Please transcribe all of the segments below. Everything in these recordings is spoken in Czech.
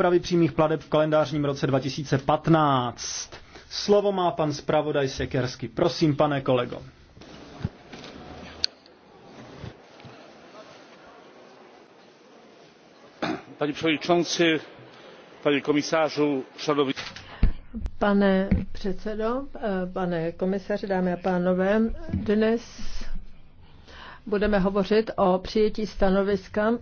úpravy přímých pladeb v kalendářním roce 2015. Slovo má pan zpravodaj Sekersky. Prosím, pane kolego. Panie przewodniczący, panie komisarzu, szanowni... Pane předsedo, pane komisaři, dámy a pánové, dnes budeme hovořit o přijetí stanoviska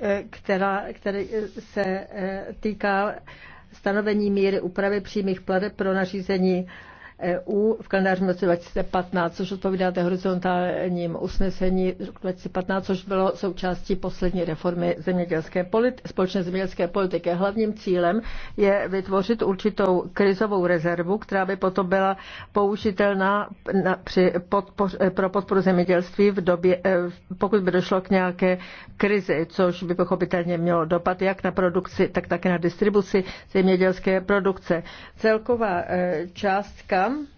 Eh, která, který se eh, týká stanovení míry úpravy přímých plateb pro nařízení EU v kalendářním roce 2015, což odpovídá horizontálním usnesení 2015, což bylo součástí poslední reformy zemědělské politi- společné zemědělské politiky. Hlavním cílem je vytvořit určitou krizovou rezervu, která by potom byla použitelná na, při podpoř- pro podporu zemědělství v době, e, pokud by došlo k nějaké krizi, což by pochopitelně mělo dopad jak na produkci, tak také na distribuci zemědělské produkce. Celková e, částka HDP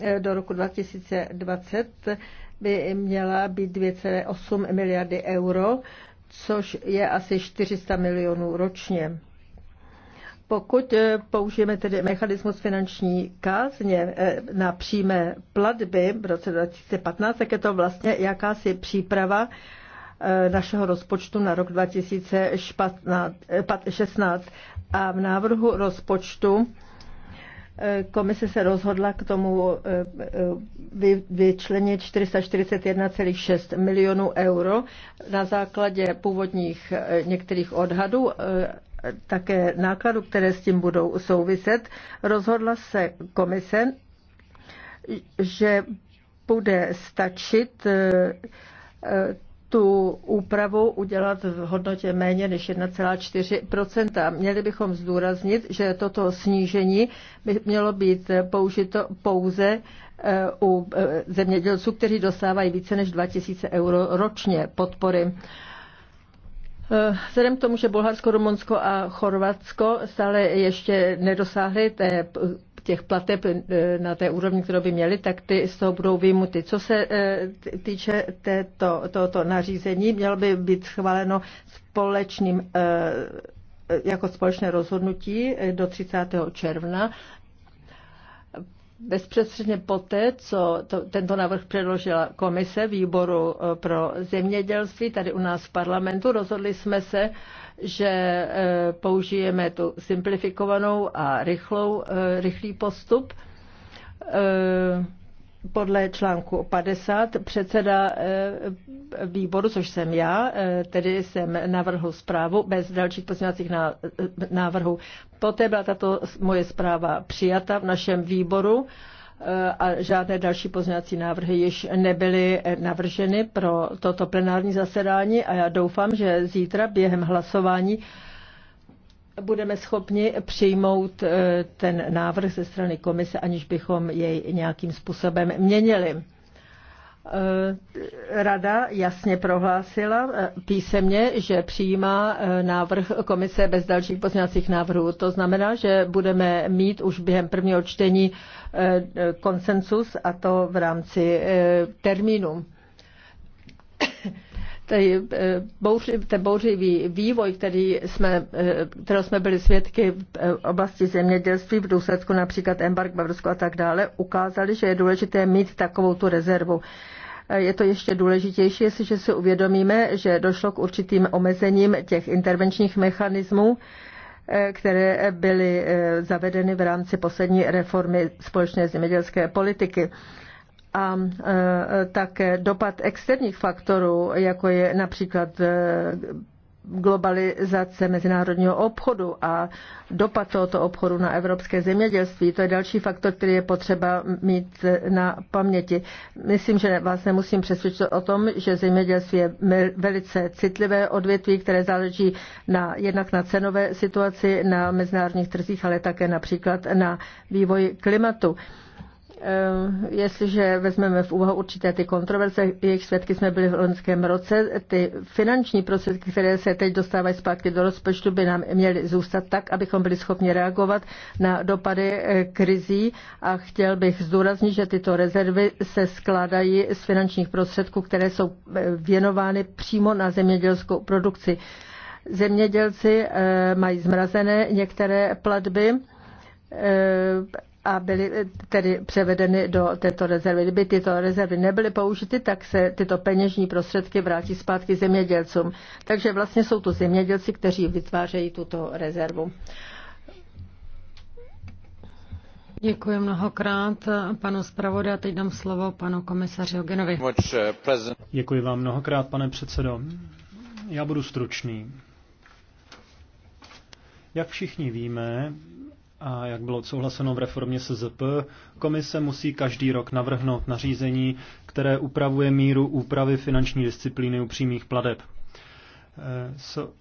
eh, do roku 2020 by měla být 2,8 miliardy euro, což je asi 400 milionů ročně. Pokud eh, použijeme tedy mechanismus finanční kázně eh, na přímé platby v roce 2015, tak je to vlastně jakási příprava našeho rozpočtu na rok 2016. A v návrhu rozpočtu Komise se rozhodla k tomu eh, eh, vyčlenit 441,6 milionů euro na základě původních eh, některých odhadů také nákladů, které s tím budou souviset. Rozhodla se komise, že bude stačit tu úpravu udělat v hodnotě méně než 1,4 Měli bychom zdůraznit, že toto snížení by mělo být použito pouze eh, u eh, zemědělců, kteří dostávají více než 2000 euro ročně podpory. Eh, vzhledem k tomu, že Bulharsko, Rumunsko a Chorvatsko stále ještě nedosáhly té těch plateb eh, na té úrovni, kterou by měli, tak ty z toho budou vyjmuty. Co se eh, týče této, tohoto nařízení, mělo by být schváleno společným eh, jako společné rozhodnutí do 30. června. Bezprostředně poté, co to, tento návrh předložila komise výboru pro zemědělství tady u nás v parlamentu, rozhodli jsme se, že e, použijeme tu simplifikovanou a rychlou, e, rychlý postup. E, podle článku 50 předseda výboru, což jsem já, tedy jsem navrhl zprávu bez dalších pozměňovacích návrhů. Poté byla tato moje zpráva přijata v našem výboru a žádné další pozměňovací návrhy již nebyly navrženy pro toto plenární zasedání a já doufám, že zítra během hlasování budeme schopni přijmout eh, ten návrh ze strany komise, aniž bychom jej nějakým způsobem měnili. Eh, rada jasně prohlásila eh, písemně, že přijímá eh, návrh komise bez dalších pozměňovacích návrhů. To znamená, že budeme mít už během prvního čtení konsensus a to v rámci termínu. Ten bouřivý vývoj, který jsme, kterého jsme byli svědky v oblasti zemědělství v důsledku například embark Bavrsku a tak dále, ukázali, že je důležité mít takovou tu rezervu. Eh, je to ještě důležitější, jestliže si uvědomíme, že došlo k určitým omezením těch intervenčních mechanismů, eh, které byly eh, zavedeny v rámci poslední reformy společné zemědělské politiky a také dopad externích faktorů, jako je například globalizace mezinárodního obchodu a dopad tohoto obchodu na evropské zemědělství. To je další faktor, který je potřeba mít na paměti. Myslím, že vás nemusím přesvědčit o tom, že zemědělství je velice citlivé odvětví, které záleží na, jednak na cenové situaci na mezinárodních trzích, ale také například na vývoji klimatu. Eh, jestliže vezmeme v úvahu určité ty kontroverze, jejich svědky jsme byli v loňském roce, ty finanční prostředky, které se teď dostávají zpátky do rozpočtu, by nám měly zůstat tak, abychom byli schopni reagovat na dopady eh, krizí a chtěl bych zdůraznit, že tyto rezervy se skládají z finančních prostředků, které jsou eh, věnovány přímo na zemědělskou produkci. Zemědělci mají zmrazené některé platby a byly eh, tedy převedeny do této rezervy. Kdyby tyto rezervy nebyly použity, tak se tyto peněžní prostředky vrátí zpátky zemědělcům. Takže vlastně jsou to zemědělci, kteří vytvářejí tuto rezervu. Děkuji mnohokrát panu a Teď dám slovo panu komisaři Hogenovi. Děkuji vám mnohokrát, pane předsedo. Já budu stručný. Jak všichni víme, a jak bylo souhlaseno v reformě SZP, komise musí každý rok navrhnout nařízení, které upravuje míru úpravy finanční disciplíny u přímých pladeb. E, so,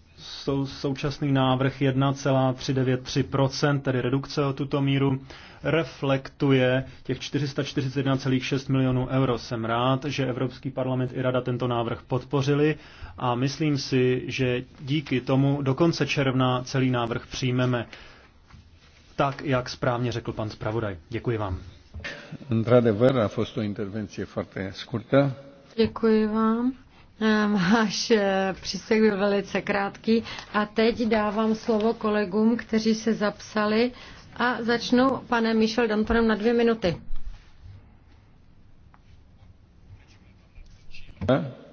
současný návrh 1,393%, tedy redukce o tuto míru, reflektuje těch 441,6 milionů euro. Jsem rád, že Evropský parlament i Rada tento návrh podpořili a myslím si, že díky tomu do konce června celý návrh přijmeme tak, jak správně řekl pan zpravodaj. Děkuji vám. Într-adevăr, a fost o intervenție foarte scurtă. Děkuji vám. Ehm, váš eh, příspěvek byl velice krátký a teď dávám slovo kolegům, kteří se zapsali a začnu panem Michel Dantonem na dvě minuty.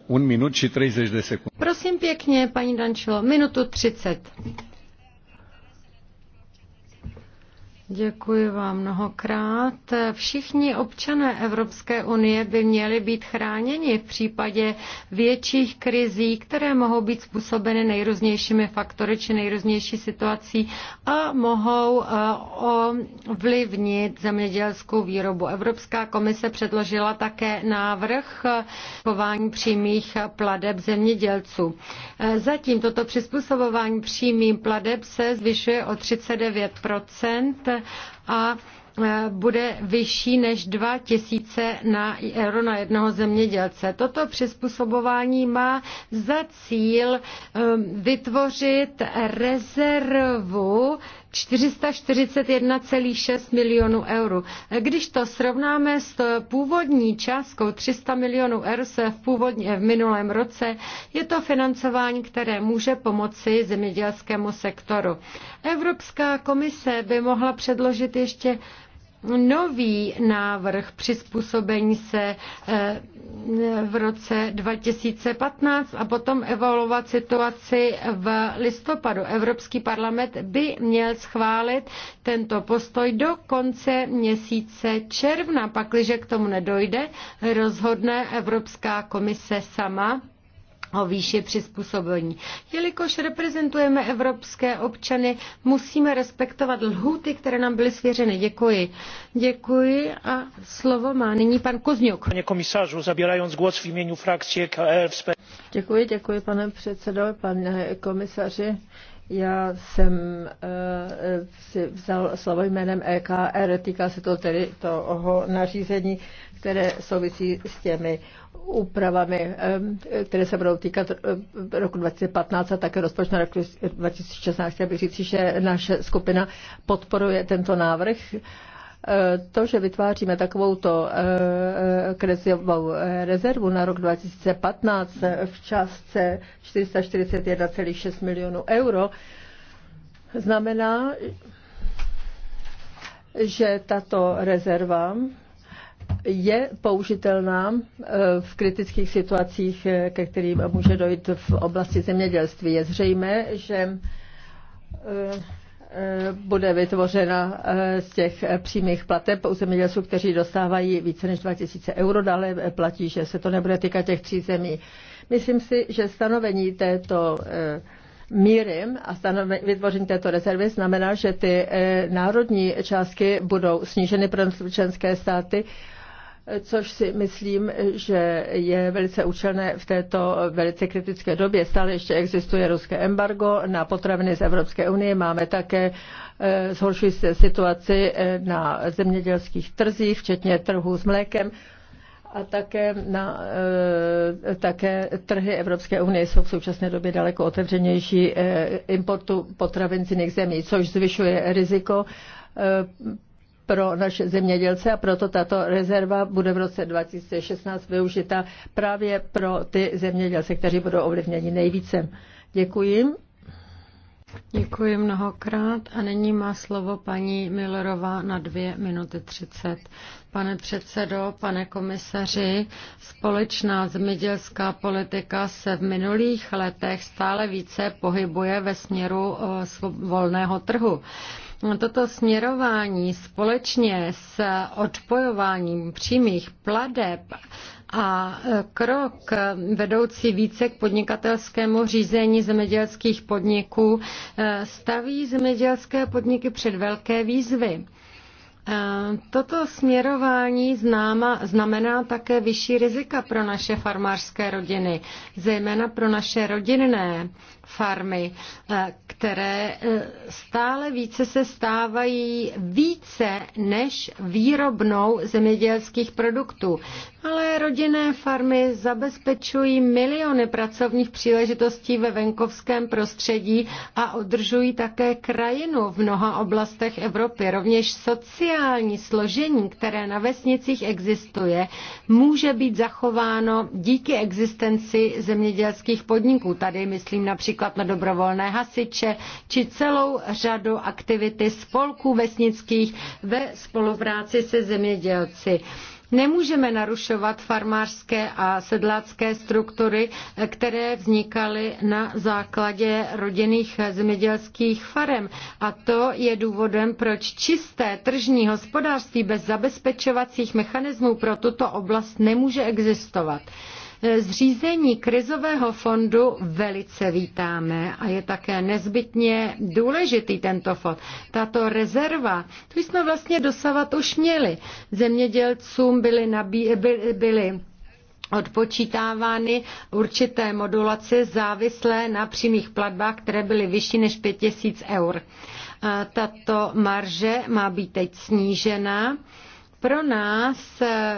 Un minut či 30 de sekund. Prosím pěkně, paní Dančilo, minutu 30. Děkuji vám mnohokrát. Všichni občané Evropské unie by měli být chráněni v případě větších krizí, které mohou být způsobeny nejrůznějšími faktory či nejrůznější situací a mohou eh, ovlivnit zemědělskou výrobu. Evropská komise předložila také návrh eh, chování přímých pladeb zemědělců. Eh, zatím toto přizpůsobování přímým pladeb se zvyšuje o 39 a e, bude vyšší než 2 tisíce na euro na jednoho zemědělce. Toto přizpůsobování má za cíl e, vytvořit rezervu 441,6 milionů eur. Když to srovnáme s původní částkou 300 milionů eur se v, původně, eh, v minulém roce, je to financování, které může pomoci zemědělskému sektoru. Evropská komise by mohla předložit ještě nový návrh přizpůsobení se eh, v roce 2015 a potom evaluovat situaci v listopadu. Evropský parlament by měl schválit tento postoj do konce měsíce června. Pakliže k tomu nedojde, rozhodne Evropská komise sama o výši přizpůsobení. Jelikož reprezentujeme evropské občany, musíme respektovat lhuty, které nám byly svěřeny. Děkuji. Děkuji a slovo má nyní pan Kozňuk. Pane komisařu, zabírając głos v jménu frakcie KR. Děkuji, děkuji pane předsedo, pane komisaři. Já jsem uh, si vzal slovo jménem EKR, týká se to tedy toho nařízení které souvisí s těmi úpravami, které se budou týkat roku 2015 a také rozpočtu roku 2016. Chtěl bych říct, že naše skupina podporuje tento návrh. E, to, že vytváříme takovouto e, e, krizovou rezervu na rok 2015 v částce 441,6 milionů euro, znamená, že tato rezerva je použitelná eh, v kritických situacích, eh, ke kterým může dojít v oblasti zemědělství. Je zřejmé, že eh, bude vytvořena z těch přímých plateb u zemědělců, kteří dostávají více než 2000 euro, dále platí, že se to nebude týkat těch tří zemí. Myslím si, že stanovení této míry a stanovení, vytvoření této rezervy znamená, že ty národní částky budou sníženy pro členské státy což si myslím, že je velice účelné v této velice kritické době. Stále ještě existuje ruské embargo na potraviny z Evropské unie. Máme také eh, zhoršují se situaci eh, na zemědělských trzích, včetně trhů s mlékem a také, na, eh, také trhy Evropské unie jsou v současné době daleko otevřenější importu potravin z jiných zemí, což zvyšuje riziko pro naše zemědělce a proto tato rezerva bude v roce 2016 využita právě pro ty zemědělce, kteří budou ovlivněni nejvíce. Děkuji. Děkuji mnohokrát a nyní má slovo paní Millerová na dvě minuty třicet. Pane předsedo, pane komisaři, společná zemědělská politika se v minulých letech stále více pohybuje ve směru eh, volného trhu toto směrování společně s odpojováním přímých pladeb a krok vedoucí více k podnikatelskému řízení zemědělských podniků eh, staví zemědělské podniky před velké výzvy. Toto směrování známa, znamená také vyšší rizika pro naše farmářské rodiny, zejména pro naše rodinné farmy, e, které e, stále více se stávají více než výrobnou zemědělských produktů. Ale rodinné farmy zabezpečují miliony pracovních příležitostí ve venkovském prostředí a održují také krajinu v mnoha oblastech Evropy, rovněž sociální sociální složení, které na vesnicích existuje, může být zachováno díky existenci zemědělských podniků. Tady myslím například na dobrovolné hasiče či celou řadu aktivity spolků vesnických ve spolupráci se zemědělci. Nemůžeme narušovat farmářské a sedlácké struktury, které vznikaly na základě rodinných zemědělských farem. A to je důvodem, proč čisté tržní hospodářství bez zabezpečovacích mechanismů pro tuto oblast nemůže existovat. Eh, zřízení krizového fondu velice vítáme a je také nezbytně důležitý tento fond. Tato rezerva, tu jsme vlastně dosavat už měli. Zemědělcům byly, nabí, by, byly odpočítávány určité modulace závislé na přímých platbách, které byly vyšší než 5000 eur. Eh, tato marže má být teď snížena pro nás eh,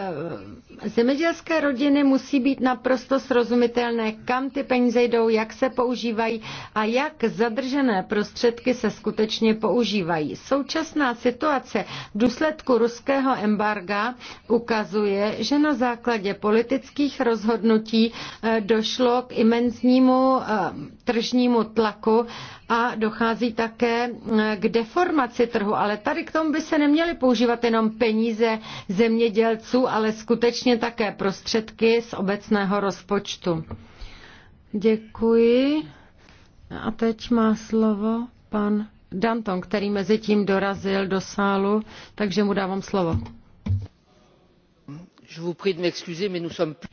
zemědělské rodiny musí být naprosto srozumitelné, kam ty peníze jdou, jak se používají a jak zadržené prostředky se skutečně používají. Současná situace v důsledku ruského embarga ukazuje, že na základě politických rozhodnutí eh, došlo k imenznímu eh, tržnímu tlaku a dochází také eh, k deformaci trhu. Ale tady k tomu by se neměly používat jenom peníze zemědělců, ale skutečně také prostředky z obecného rozpočtu. Děkuji. A teď má slovo pan Danton, který mezi tím dorazil do sálu, takže mu dávám slovo.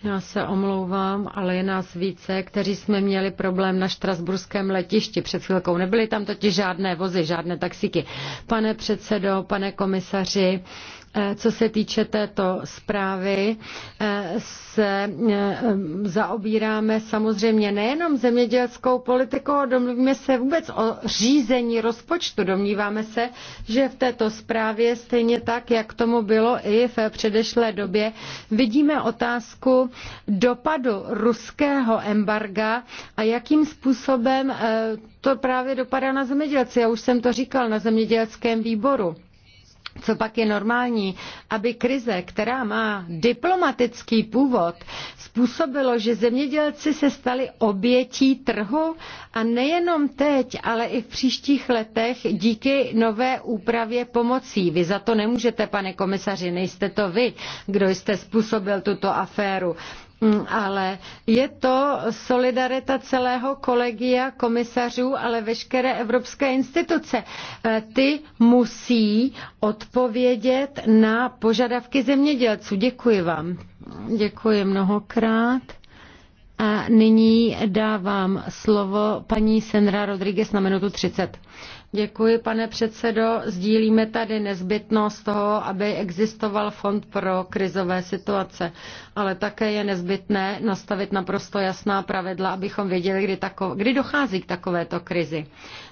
Já se omlouvám, ale je nás více, kteří jsme měli problém na štrasburském letišti před chvilkou. Nebyly tam totiž žádné vozy, žádné taxíky. Pane předsedo, pane komisaři, co se týče této zprávy, eh, se eh, zaobíráme samozřejmě nejenom zemědělskou politikou, domluvíme se vůbec o řízení rozpočtu. Domníváme se, že v této zprávě stejně tak, jak tomu bylo i v předešlé době, vidíme otázku dopadu ruského embarga a jakým způsobem eh, to právě dopadá na zemědělce. Já už jsem to říkal na zemědělském výboru co pak je normální, aby krize, která má diplomatický původ, způsobilo, že zemědělci se stali obětí trhu a nejenom teď, ale i v příštích letech díky nové úpravě pomocí. Vy za to nemůžete, pane komisaři, nejste to vy, kdo jste způsobil tuto aféru. Mm, ale je to solidarita celého kolegia komisařů, ale veškeré evropské instituce. E, ty musí odpovědět na požadavky zemědělců. Děkuji vám. Děkuji mnohokrát. A nyní dávám slovo paní Senra Rodriguez na minutu 30. Děkuji, pane předsedo. Sdílíme tady nezbytnost toho, aby existoval fond pro krizové situace, ale také je nezbytné nastavit naprosto jasná pravidla, abychom věděli, kdy, tako, kdy dochází k takovéto krizi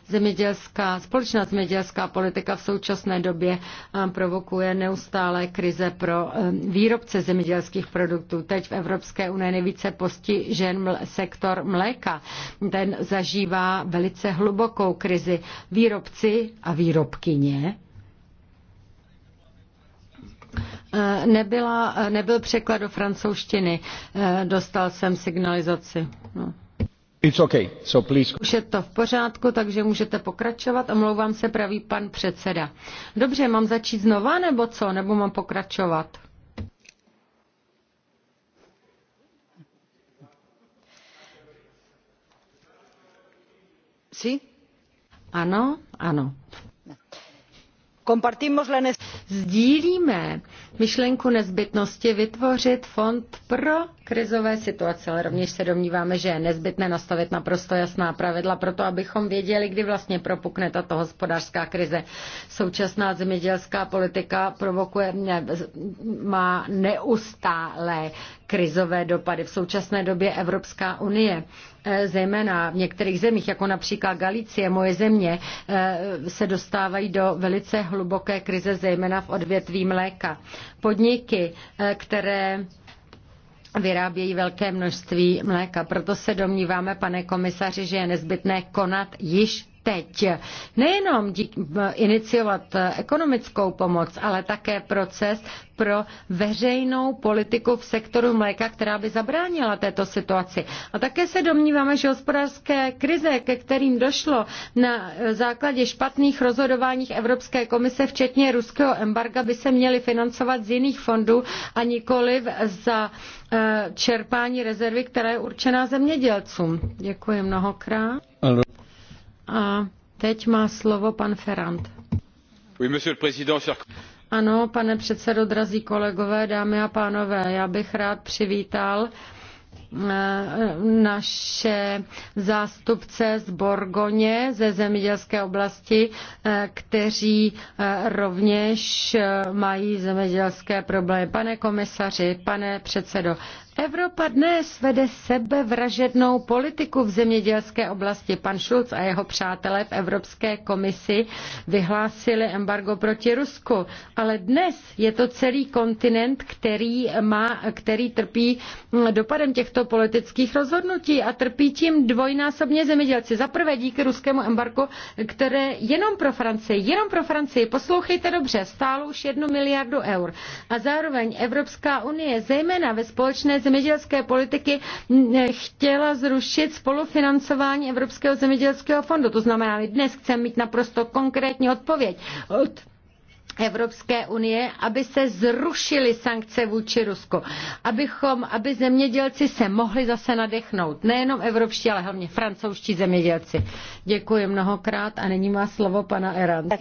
zemědělská, společná zemědělská politika v současné době eh, provokuje neustále krize pro eh, výrobce zemědělských produktů. Teď v Evropské unii nejvíce postižen sektor mléka. Ten zažívá velice hlubokou krizi. Výrobci a výrobkyně eh, Nebyla, nebyl překlad do francouzštiny. Dostal jsem signalizaci. No. Už je to v pořádku, takže můžete pokračovat. Omlouvám se, pravý pan předseda. Dobře, mám začít znova, nebo co? Nebo mám pokračovat? Sí? Ano, ano. Sdílíme myšlenku nezbytnosti vytvořit fond pro krizové situace, ale rovněž se domníváme, že je nezbytné nastavit naprosto jasná pravidla pro to, abychom věděli, kdy vlastně propukne tato hospodářská krize. Současná zemědělská politika provokuje, ne, má neustálé krizové dopady. V současné době Evropská unie eh, zejména v některých zemích, jako například Galicie, moje země, eh, se dostávají do velice hluboké krize, zejména v odvětví mléka podniky, eh, které vyrábějí velké množství mléka. Proto se domníváme, pane komisaři, že je nezbytné konat již teď. Nejenom dík, iniciovat e, ekonomickou pomoc, ale také proces pro veřejnou politiku v sektoru mléka, která by zabránila této situaci. A také se domníváme, že hospodářské krize, ke kterým došlo na e, základě špatných rozhodováních Evropské komise, včetně ruského embarga, by se měly financovat z jiných fondů a nikoliv za e, čerpání rezervy, která je určená zemědělcům. Děkuji mnohokrát. A teď má slovo pan Ferrand. Ano, pane předsedo, drazí kolegové, dámy a pánové, já bych rád přivítal naše zástupce z Borgoně ze zemědělské oblasti, kteří rovněž mají zemědělské problémy. Pane komisaři, pane předsedo, Evropa dnes vede sebevražednou politiku v zemědělské oblasti. Pan Schulz a jeho přátelé v Evropské komisi vyhlásili embargo proti Rusku. Ale dnes je to celý kontinent, který, má, který trpí dopadem těchto politických rozhodnutí a trpí tím dvojnásobně zemědělci. Za prvé díky ruskému embargu, které jenom pro Francii, jenom pro Francii, poslouchejte dobře, stálo už jednu miliardu eur. A zároveň Evropská unie, zejména ve společné zemědělské politiky, chtěla zrušit spolufinancování Evropského zemědělského fondu. To znamená, my dnes chceme mít naprosto konkrétní odpověď od Evropské unie, aby se zrušily sankce vůči Rusku, abychom, aby zemědělci se mohli zase nadechnout, nejenom evropští, ale hlavně francouzští zemědělci. Děkuji mnohokrát a nyní má slovo pana Erant.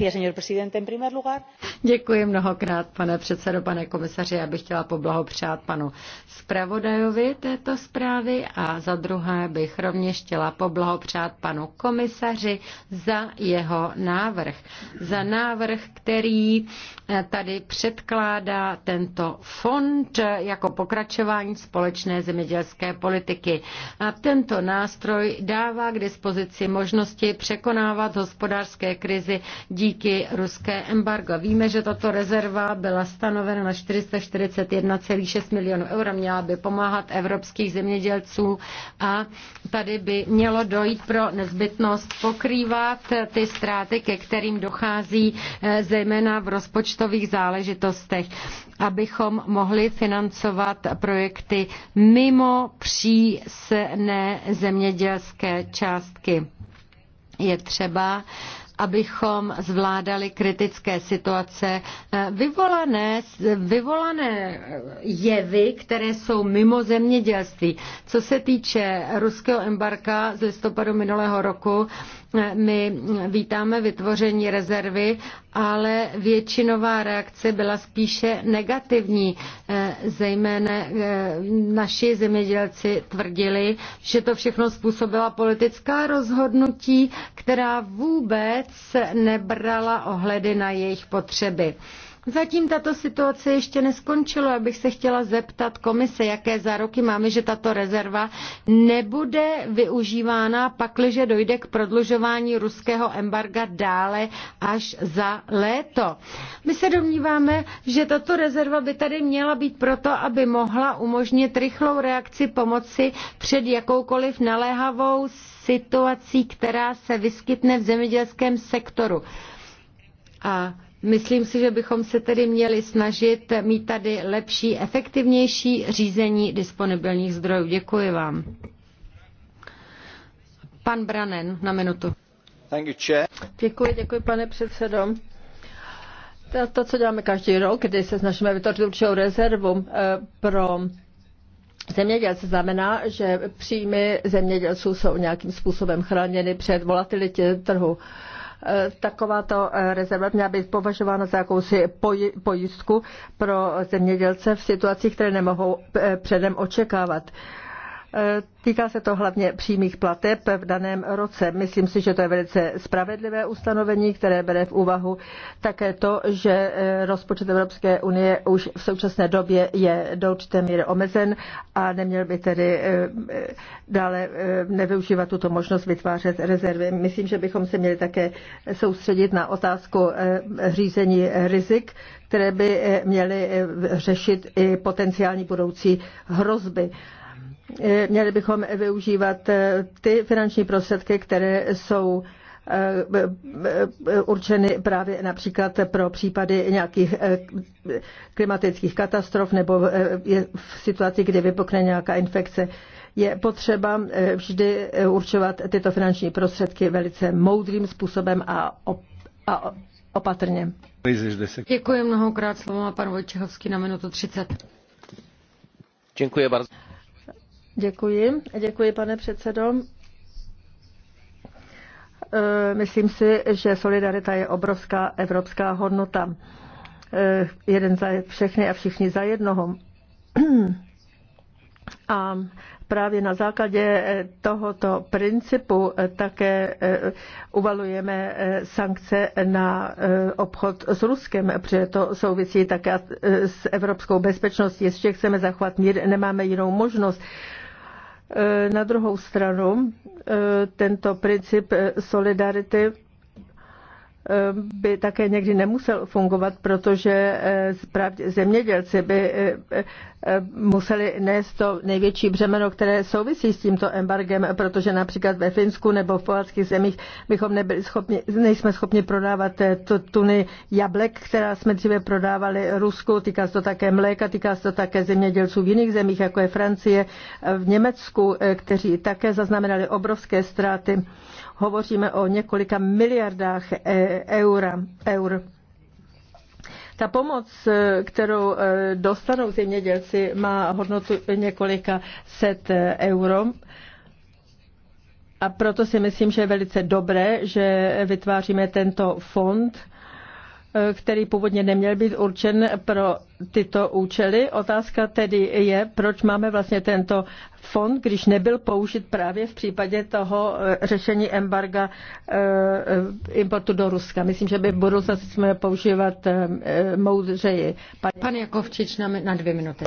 Děkuji mnohokrát, pane předsedo, pane komisaři. Já bych chtěla poblahopřát panu zpravodajovi této zprávy a za druhé bych rovněž chtěla poblahopřát panu komisaři za jeho návrh. Za návrh, který eh, tady předkládá tento fond eh, jako pokračování společné zemědělské politiky. A tento nástroj dává k dispozici možnost schopnosti překonávat hospodářské krizi díky ruské embargo. Víme, že tato rezerva byla stanovena na 441,6 milionů eur, měla by pomáhat evropských zemědělců a tady by mělo dojít pro nezbytnost pokrývat ty ztráty, ke kterým dochází eh, zejména v rozpočtových záležitostech, abychom mohli financovat projekty mimo přísné zemědělské částky je třeba abychom zvládali kritické situace, eh, vyvolané, vyvolané jevy, které jsou mimo zemědělství. Co se týče ruského embarka z listopadu minulého roku, my vítáme vytvoření rezervy, ale většinová reakce byla spíše negativní. Eh, Zejména eh, naši zemědělci tvrdili, že to všechno způsobila politická rozhodnutí, která vůbec nebrala ohledy na jejich potřeby. Zatím tato situace ještě neskončila, abych se chtěla zeptat komise, jaké záruky máme, že tato rezerva nebude využívána, pakliže dojde k prodlužování ruského embarga dále až za léto. My se domníváme, že tato rezerva by tady měla být proto, aby mohla umožnit rychlou reakci pomoci před jakoukoliv naléhavou situací, která se vyskytne v zemědělském sektoru. A Myslím si, že bychom se tedy měli snažit mít tady lepší, efektivnější řízení disponibilních zdrojů. Děkuji vám. Pan Branen na minutu. Děkuji, děkuji, pane předsedo. To, to, co děláme každý rok, kdy se snažíme vytvořit určitou rezervu eh, pro Zemědělce znamená, že příjmy zemědělců jsou nějakým způsobem chráněny před volatilitě trhu. Eh, takováto eh, rezerva měla být považována za jakousi pojistku pro zemědělce v situacích, které nemohou eh, předem očekávat. Týká se to hlavně přímých plateb v daném roce. Myslím si, že to je velice spravedlivé ustanovení, které bere v úvahu také to, že eh, rozpočet Evropské unie už v současné době je do určité míry omezen a neměl by tedy eh, eh, dále nevyužívat tuto možnost vytvářet rezervy. Myslím, že bychom se měli také soustředit na otázku řízení rizik, které by měly řešit i potenciální budoucí hrozby. Eh, měli bychom využívat eh, ty finanční prostředky, které jsou eh, určeny právě například pro případy nějakých klimatických katastrof nebo v situaci, kdy vypukne nějaká infekce. Je potřeba vždy určovat tyto finanční prostředky velice moudrým způsobem a, op- a opatrně. Děkuji mnohokrát slovo panu pan Vojčehovský na minutu 30. Děkuji bardzo. Děkuji. Děkuji, pane předsedo. E, myslím si, že solidarita je obrovská evropská hodnota. E, jeden za všechny a všichni za jednoho. A právě na základě tohoto principu také e, uvalujeme sankce na obchod s Ruskem, protože to souvisí také s evropskou bezpečností. Jestli chceme zachovat mír, nemáme jinou možnost. Eh, na druhou stranu eh, tento princip eh, solidarity by také někdy nemusel fungovat, protože eh, zemědělci by eh, eh, museli nést to největší břemeno, které souvisí s tímto embargem, protože například ve Finsku nebo v povalských zemích bychom nebyli schopni, nejsme schopni prodávat to tuny jablek, která jsme dříve prodávali Rusku, týká se to také mléka, týká se to také zemědělců v jiných zemích, jako je Francie, v Německu, kteří také zaznamenali obrovské ztráty hovoříme o několika miliardách e, eur. eur. Ta pomoc, e, kterou e, dostanou zemědělci, má hodnotu několika set euro. A proto si myslím, že je velice dobré, že vytváříme tento fond Eh, který původně neměl být určen pro tyto účely. Otázka tedy je, proč máme vlastně tento fond, když nebyl použit právě v případě toho eh, řešení embarga eh, importu do Ruska. Myslím, že by v budoucnosti jsme používat moudřeji. Pan, Pan Jakovčič na, na dvě minuty.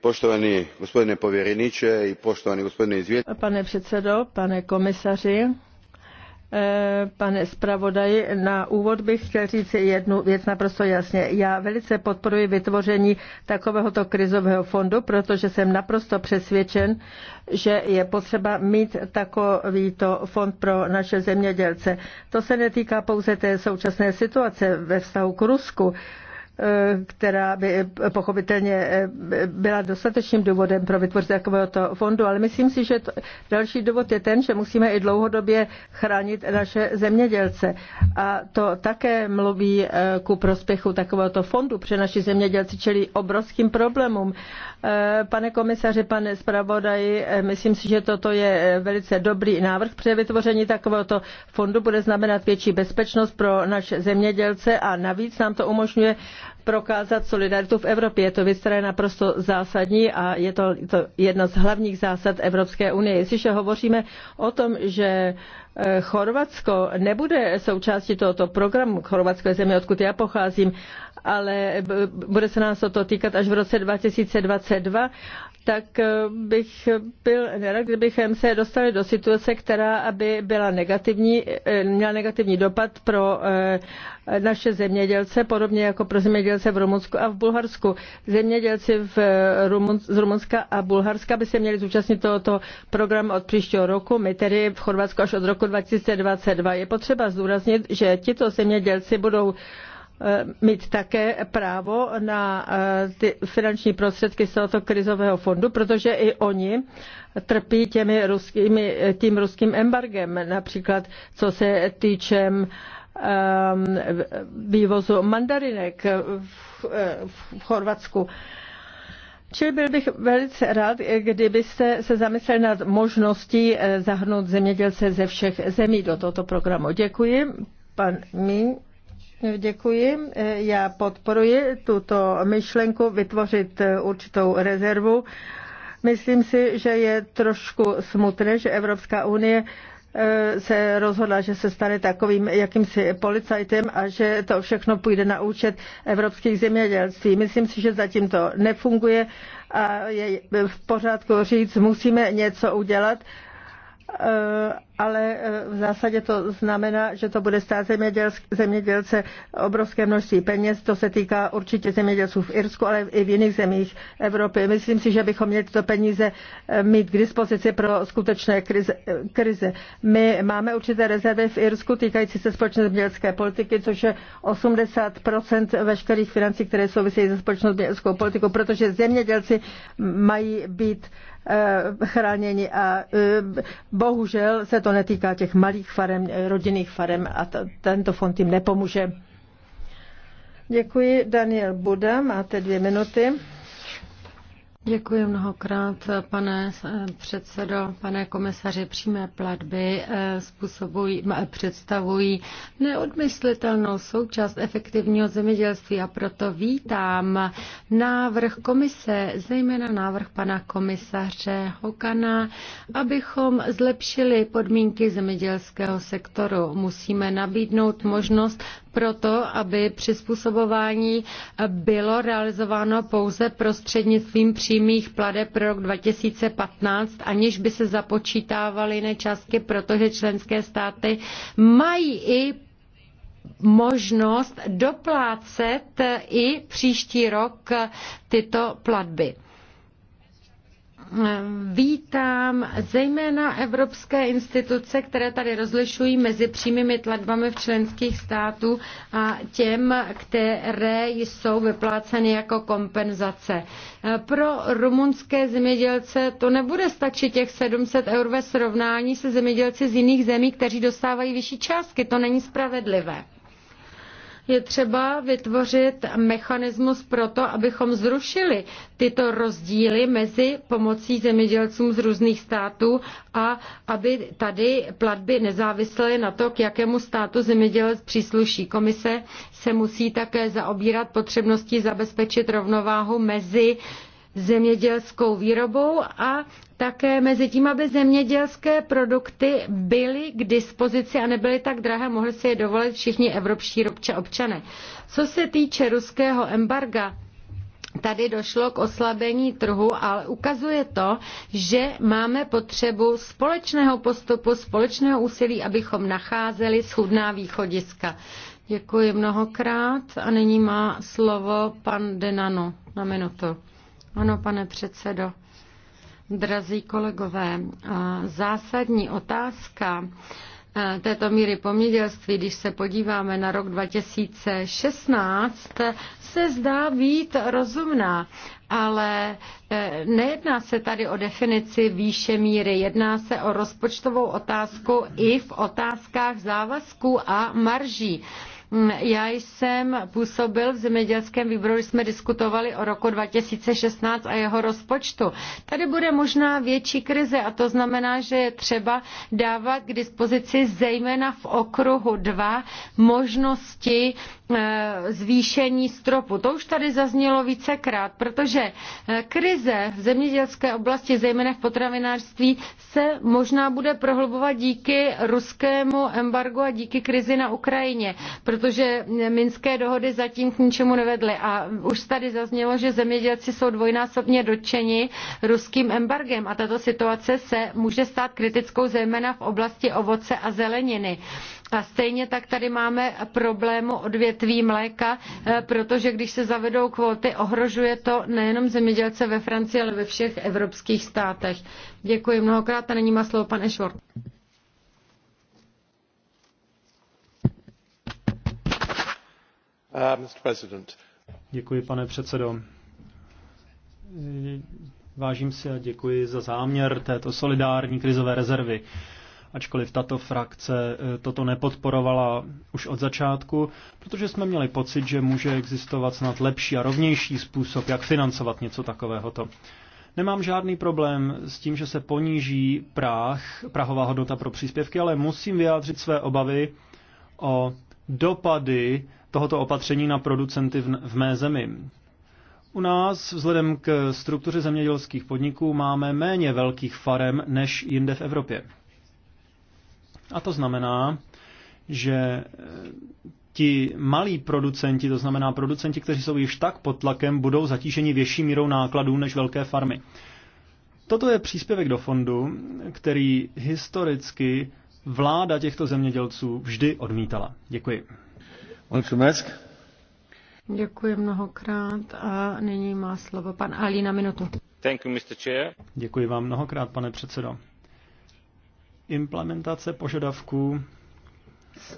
Poštovani gospodine povjereniče i poštovani gospodine izvjetitelj. Pane předsedo, pane komisaři, Eh, pane zpravodaji, na úvod bych chtěl říct jednu věc naprosto jasně. Já velice podporuji vytvoření takovéhoto krizového fondu, protože jsem naprosto přesvědčen, že je potřeba mít takovýto fond pro naše zemědělce. To se netýká pouze té současné situace ve vztahu k Rusku. Eh, která by eh, pochopitelně eh, byla dostatečným důvodem pro vytvoření takovéhoto fondu, ale myslím si, že to, další důvod je ten, že musíme i dlouhodobě chránit naše zemědělce. A to také mluví ku prospěchu takovéhoto fondu, protože naši zemědělci čelí obrovským problémům. Pane komisaři, pane zpravodaji, myslím si, že toto je velice dobrý návrh, protože vytvoření takovéhoto fondu bude znamenat větší bezpečnost pro naše zemědělce a navíc nám to umožňuje prokázat solidaritu v Evropě. Je to věc, která je naprosto zásadní a je to, to jedna z hlavních zásad Evropské unie. Jestliže hovoříme o tom, že eh, Chorvatsko nebude součástí tohoto programu, Chorvatsko je země, odkud já pocházím, ale bude se nás to týkat až v roce 2022 tak eh, bych byl nerad, kdybychom se dostali do situace, která by byla negativní, eh, měla negativní dopad pro eh, naše zemědělce, podobně jako pro zemědělce v Rumunsku a v Bulharsku. Zemědělci v Rumun, z Rumunska a Bulharska by se měli zúčastnit tohoto programu od příštího roku, my tedy v Chorvatsku až od roku 2022. Je potřeba zdůraznit, že tito zemědělci budou Eh, mít také právo na eh, ty finanční prostředky z tohoto krizového fondu, protože i oni trpí těmi ruskými, tím ruským embargem, například co se týče eh, vývozu mandarinek v Chorvatsku. Čili byl bych velice rád, kdybyste se zamysleli nad možností zahrnout zemědělce ze všech zemí do tohoto programu. Děkuji. Pan Ming. Děkuji. Já podporuji tuto myšlenku vytvořit eh, určitou rezervu. Myslím si, že je trošku smutné, že Evropská unie eh, se rozhodla, že se stane takovým jakýmsi policajtem a že to všechno půjde na účet evropských zemědělství. Myslím si, že zatím to nefunguje a je v pořádku říct, musíme něco udělat Eh, ale eh, v zásadě to znamená, že to bude stát zemědělce obrovské množství peněz. To se týká určitě zemědělců v Irsku, ale i v jiných zemích Evropy. Myslím si, že bychom měli tyto peníze eh, mít k dispozici pro skutečné krize. krize. My máme určité rezervy v Irsku týkající se společné zemědělské politiky, což je 80 veškerých financí, které souvisejí se společnou zemědělskou politikou, protože zemědělci mají být uh, Eh, chráněni a eh, bohužel se to netýká těch malých farem, rodinných farem a tento fond jim nepomůže. Děkuji. Daniel Buda, máte dvě minuty. Děkuji mnohokrát, pane eh, předsedo, pane komisaři. Přímé platby eh, způsobují, eh, představují neodmyslitelnou součást efektivního zemědělství a proto vítám návrh komise, zejména návrh pana komisaře Hokana, abychom zlepšili podmínky zemědělského sektoru. Musíme nabídnout možnost proto, aby přizpůsobování bylo realizováno pouze prostřednictvím příležitosti přímých pladeb pro rok 2015, aniž by se započítávaly jiné částky, protože členské státy mají i možnost doplácet i příští rok tyto platby vítám zejména evropské instituce, které tady rozlišují mezi přímými tlatbami v členských států a těm, které jsou vypláceny jako kompenzace. Pro rumunské zemědělce to nebude stačit těch 700 eur ve srovnání se zemědělci z jiných zemí, kteří dostávají vyšší částky. To není spravedlivé je třeba vytvořit mechanismus pro to, abychom zrušili tyto rozdíly mezi pomocí zemědělcům z různých států a aby tady platby nezávisely na to, k jakému státu zemědělec přísluší. Komise se musí také zaobírat potřebností zabezpečit rovnováhu mezi zemědělskou výrobou a také mezi tím, aby zemědělské produkty byly k dispozici a nebyly tak drahé, mohli si je dovolit všichni evropští občané. Co se týče ruského embarga, tady došlo k oslabení trhu, ale ukazuje to, že máme potřebu společného postupu, společného úsilí, abychom nacházeli schudná východiska. Děkuji mnohokrát a nyní má slovo pan Denano na minutu. Ano, pane předsedo. Drazí kolegové, zásadní otázka e, této míry pomědělství, když se podíváme na rok 2016, se zdá být rozumná, ale e, nejedná se tady o definici výše míry, jedná se o rozpočtovou otázku i v otázkách závazků a marží. Mm, já jsem působil v zemědělském výboru, když jsme diskutovali o roku 2016 a jeho rozpočtu. Tady bude možná větší krize a to znamená, že je třeba dávat k dispozici zejména v okruhu dva možnosti e, zvýšení stropu. To už tady zaznělo vícekrát, protože e, krize v zemědělské oblasti, zejména v potravinářství, se možná bude prohlubovat díky ruskému embargu a díky krizi na Ukrajině. Proto protože minské dohody zatím k ničemu nevedly. A už tady zaznělo, že zemědělci jsou dvojnásobně dotčeni ruským embargem a tato situace se může stát kritickou zejména v oblasti ovoce a zeleniny. A stejně tak tady máme problému odvětví mléka, eh, protože když se zavedou kvóty, ohrožuje to nejenom zemědělce ve Francii, ale ve všech evropských státech. Děkuji mnohokrát a není má slovo pane Ešvort. Uh, děkuji, pane předsedající Vážím si a děkuji za záměr této solidární krizové rezervy. Ačkoliv tato frakce eh, toto nepodporovala už od začátku, protože jsme měli pocit, že může existovat snad lepší a rovnější způsob, jak financovat něco takového. Nemám žádný problém s tím, že se poníží práh, prahová hodnota pro příspěvky, ale musím vyjádřit své obavy o dopady tohoto opatření na producenty v, mé zemi. U nás vzhledem k struktuře zemědělských podniků máme méně velkých farem než jinde v Evropě. A to znamená, že e, ti malí producenti, to znamená producenti, kteří jsou již tak pod tlakem, budou zatíženi větší mírou nákladů než velké farmy. Toto je příspěvek do fondu, který historicky vláda těchto zemědělců vždy odmítala. Děkuji. Děkuji mnohokrát a nyní má slovo pan Ali na minutu. Děkuji vám mnohokrát, pane předsedo. Implementace požadavků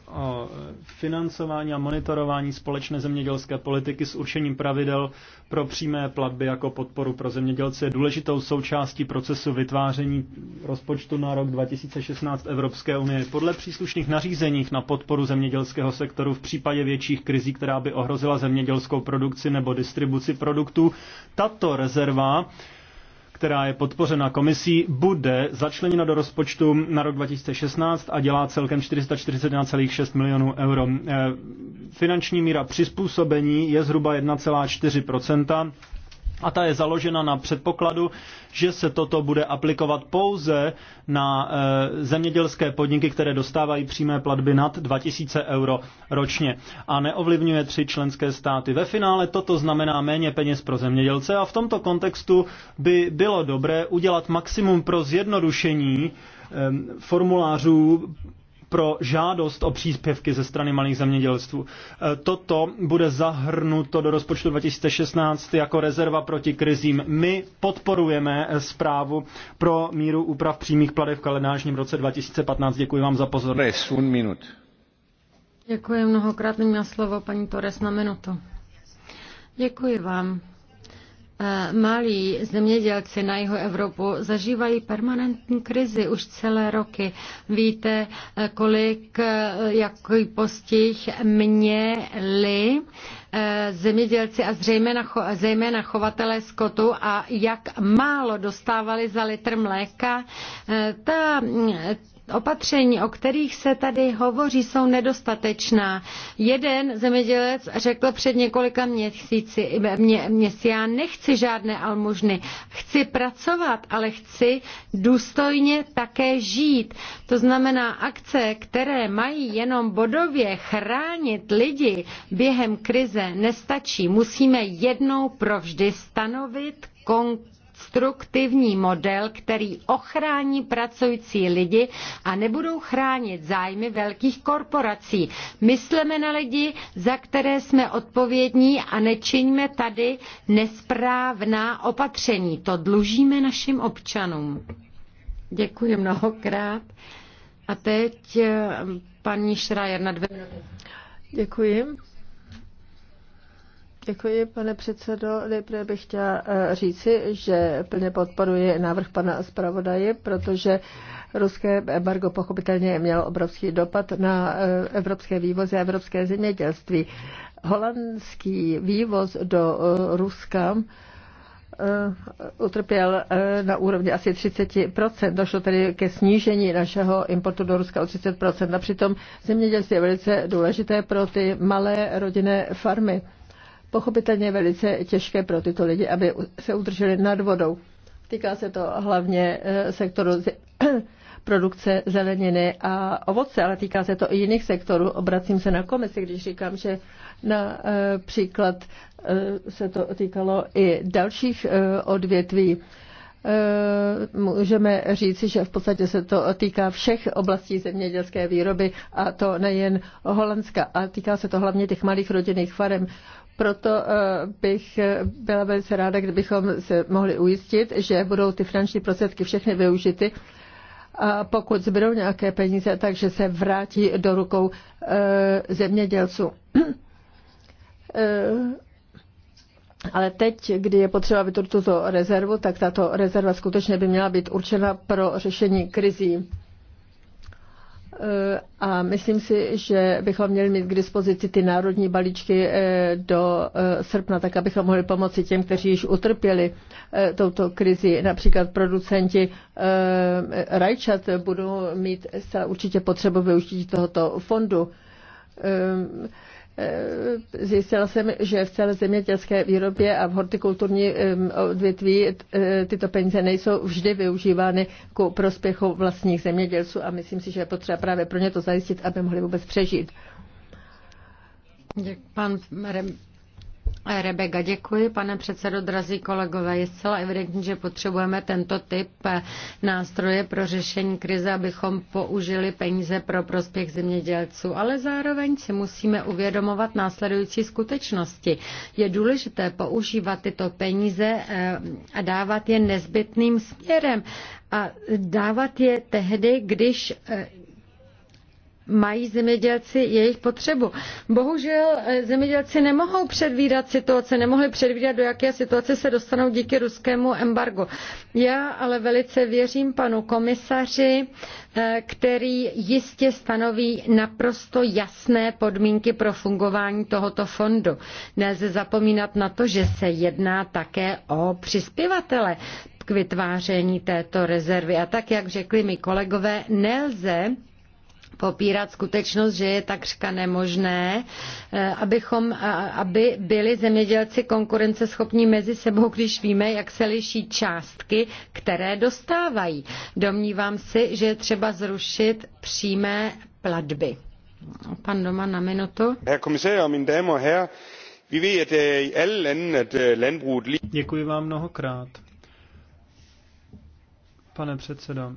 o financování a monitorování společné zemědělské politiky s určením pravidel pro přímé platby jako podporu pro zemědělce je důležitou součástí procesu vytváření rozpočtu na rok 2016 Evropské unie. Podle příslušných nařízeních na podporu zemědělského sektoru v případě větších krizí, která by ohrozila zemědělskou produkci nebo distribuci produktů, tato rezerva která je podpořena komisí, bude začleněna do rozpočtu na rok 2016 a dělá celkem 441,6 milionů euro. Eh, finanční míra přizpůsobení je zhruba 1,4 a ta je založena na předpokladu, že se toto bude aplikovat pouze na e, zemědělské podniky, které dostávají přímé platby nad 2000 euro ročně a neovlivňuje tři členské státy. Ve finále toto znamená méně peněz pro zemědělce a v tomto kontextu by bylo dobré udělat maximum pro zjednodušení eh, formulářů pro žádost o příspěvky ze strany malých zemědělství. E, toto bude zahrnuto do rozpočtu 2016 jako rezerva proti krizím. My podporujeme zprávu pro míru úprav přímých pladeb v kalendářním roce 2015. Děkuji vám za pozornost. Děkuji mnohokrát. Měla slovo paní Torres na minutu. Děkuji vám. Malí zemědělci na jihu Evropu zažívají permanentní krizi už celé roky. Víte, eh, kolik, eh, jaký postih měli eh, zemědělci a zřejmě zejména chovatelé skotu a jak málo dostávali za litr mléka, ta, opatření, o kterých se tady hovoří, jsou nedostatečná. Jeden zemědělec řekl před několika měsíci, mě, měsíci, já nechci žádné almužny, chci pracovat, ale chci důstojně také žít. To znamená akce, které mají jenom bodově chránit lidi během krize, nestačí. Musíme jednou provždy stanovit konkrétní konstruktivní model, který ochrání pracující lidi a nebudou chránit zájmy velkých korporací. Mysleme na lidi, za které jsme odpovědní a nečiňme tady nesprávná opatření. To dlužíme našim občanům. Děkuji mnohokrát. A teď eh, paní Šrajer na dvě Děkuji. Děkuji, pane předsedo. Nejprve bych chtěla eh, říci, že plně podporuji návrh pana zpravodaje, protože ruské embargo pochopitelně mělo obrovský dopad na eh, evropské vývozy a evropské zemědělství. Holandský vývoz do eh, Ruska utrpěl na úrovni asi 30%. Došlo tedy ke snížení našeho importu do Ruska o 30%. A přitom zemědělství je velice důležité pro ty malé rodinné farmy pochopitelně velice těžké pro tyto lidi, aby se udrželi nad vodou. Týká se to hlavně eh, sektoru produkce zeleniny a ovoce, ale týká se to i jiných sektorů. Obracím se na komisi, když říkám, že na eh, příklad eh, se to týkalo i dalších odvětví. Můžeme říci, že v podstatě se to týká všech oblastí zemědělské výroby a to nejen Holandska. A týká se to hlavně těch malých rodinných farem. Proto eh, bych eh, byla velice ráda, kdybychom se mohli ujistit, že budou ty finanční prostředky všechny využity. A pokud zbydou nějaké peníze, takže se vrátí do rukou eh, zemědělců. Ale teď, kdy je potřeba vytvořit tuto rezervu, tak tato rezerva skutečně by měla být určena pro řešení krizí. Eh, a myslím si, že bychom měli mít k dispozici ty národní balíčky eh, do eh, srpna, tak abychom mohli pomoci těm, kteří již utrpěli touto krizi. Například producenti rajčat budou mít zcela určitě potřebu využití tohoto fondu Eh, zjistila jsem, že v celé zemědělské výrobě a v hortikulturní eh, odvětví eh, tyto peníze nejsou vždy využívány ku prospěchu vlastních zemědělců a myslím si, že je potřeba právě pro ně to zajistit, aby mohli vůbec přežít. Pan Rebeka, děkuji, pane předsedo, drazí kolegové. Je zcela evidentní, že potřebujeme tento typ eh, nástroje pro řešení krize, abychom použili peníze pro prospěch zemědělců, ale zároveň si musíme uvědomovat následující skutečnosti. Je důležité používat tyto peníze eh, a dávat je nezbytným směrem a dávat je tehdy, když eh, mají zemědělci jejich potřebu. Bohužel eh, zemědělci nemohou předvídat situace, nemohli předvídat, do jaké situace se dostanou díky ruskému embargu. Já ale velice věřím panu komisaři, eh, který jistě stanoví naprosto jasné podmínky pro fungování tohoto fondu. Nelze zapomínat na to, že se jedná také o přispěvatele k vytváření této rezervy. A tak, jak řekli mi kolegové, nelze popírat skutečnost, že je takřka nemožné, eh, abychom, aby byli zemědělci konkurenceschopní mezi sebou, když víme, jak se liší částky, které dostávají. Domnívám si, že je třeba zrušit přímé platby. Pan Doma na minutu. Eh, eh, Děkuji vám mnohokrát. Pane předsedo,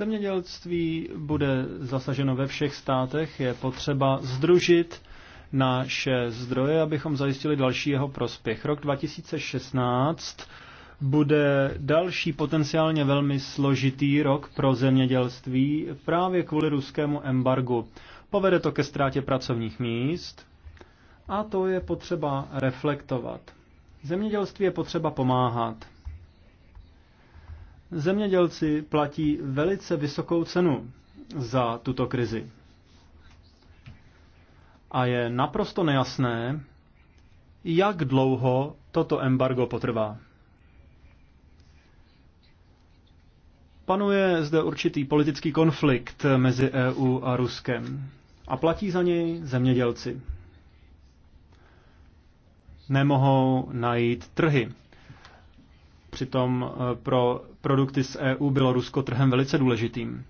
Zemědělství bude zasaženo ve všech státech, je potřeba združit naše zdroje, abychom zajistili další jeho prospěch. Rok 2016 bude další potenciálně velmi složitý rok pro zemědělství právě kvůli ruskému embargu. Povede to ke ztrátě pracovních míst a to je potřeba reflektovat. Zemědělství je potřeba pomáhat. Zemědělci platí velice vysokou cenu za tuto krizi. A je naprosto nejasné, jak dlouho toto embargo potrvá. Panuje zde určitý politický konflikt mezi EU a Ruskem a platí za něj zemědělci. Nemohou najít trhy. Přitom eh, pro produkty z EU bylo Rusko trhem velice důležitým.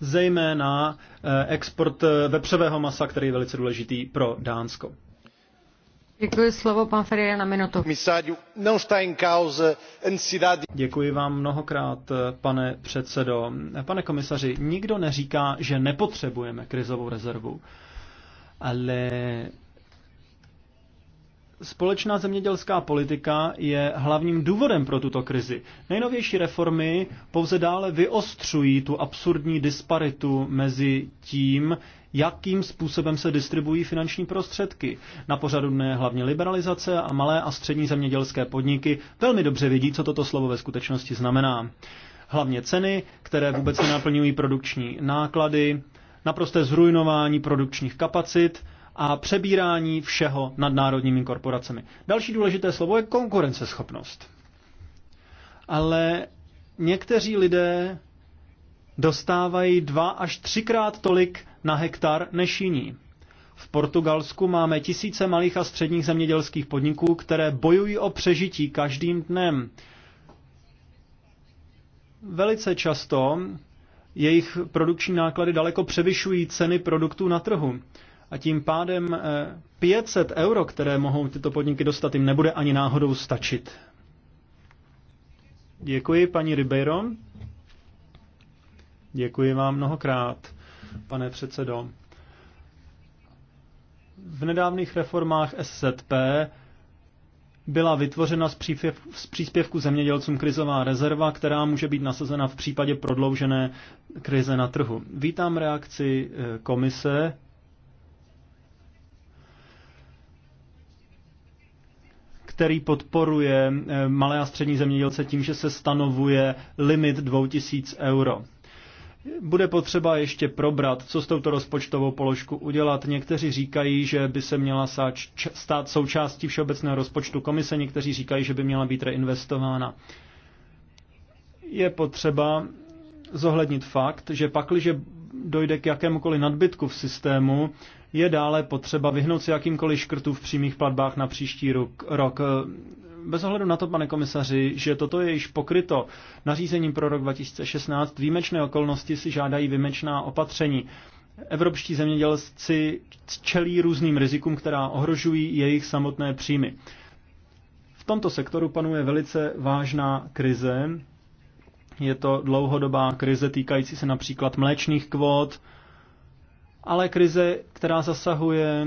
Zejména eh, export eh, vepřového masa, který je velice důležitý pro Dánsko. Děkuji slovo, pan Ferreira, na minutu. Děkuji vám mnohokrát, pane předsedo. Pane komisaři, nikdo neříká, že nepotřebujeme krizovou rezervu, ale Společná zemědělská politika je hlavním důvodem pro tuto krizi. Nejnovější reformy pouze dále vyostřují tu absurdní disparitu mezi tím, jakým způsobem se distribuují finanční prostředky. Na pořadu dne hlavně liberalizace a malé a střední zemědělské podniky velmi dobře vidí, co toto slovo ve skutečnosti znamená. Hlavně ceny, které vůbec nenaplňují produkční náklady, naprosté zrujnování produkčních kapacit, a přebírání všeho nad národními korporacemi. Další důležité slovo je konkurenceschopnost. Ale někteří lidé dostávají dva až třikrát tolik na hektar než jiní. V Portugalsku máme tisíce malých a středních zemědělských podniků, které bojují o přežití každým dnem. Velice často jejich produkční náklady daleko převyšují ceny produktů na trhu. A tím pádem 500 eh, euro, které mohou tyto podniky dostat, jim nebude ani náhodou stačit. Děkuji, paní Ribeiro. Děkuji vám mnohokrát, pane předsedo. V nedávných reformách SZP byla vytvořena z příspěvku zemědělcům krizová rezerva, která může být nasazena v případě prodloužené krize na trhu. Vítám reakci eh, komise který podporuje eh, malé a střední zemědělce tím, že se stanovuje limit 2000 euro. Bude potřeba ještě probrat, co s touto rozpočtovou položku udělat. Někteří říkají, že by se měla stát součástí všeobecného rozpočtu komise, někteří říkají, že by měla být reinvestována. Je potřeba zohlednit fakt, že pakliže dojde k jakémukoliv nadbytku v systému, je dále potřeba vyhnout se jakýmkoliv škrtu v přímých platbách na příští rok. Bez ohledu na to, pane komisaři, že toto je již pokryto nařízením pro rok 2016, výjimečné okolnosti si žádají výjimečná opatření. Evropští zemědělci čelí různým rizikům, která ohrožují jejich samotné příjmy. V tomto sektoru panuje velice vážná krize, je to dlouhodobá krize týkající se například mléčných kvót, ale krize, která zasahuje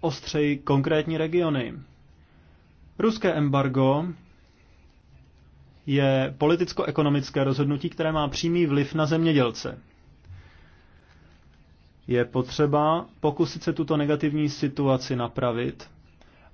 ostřej konkrétní regiony. Ruské embargo je politicko-ekonomické rozhodnutí, které má přímý vliv na zemědělce. Je potřeba pokusit se tuto negativní situaci napravit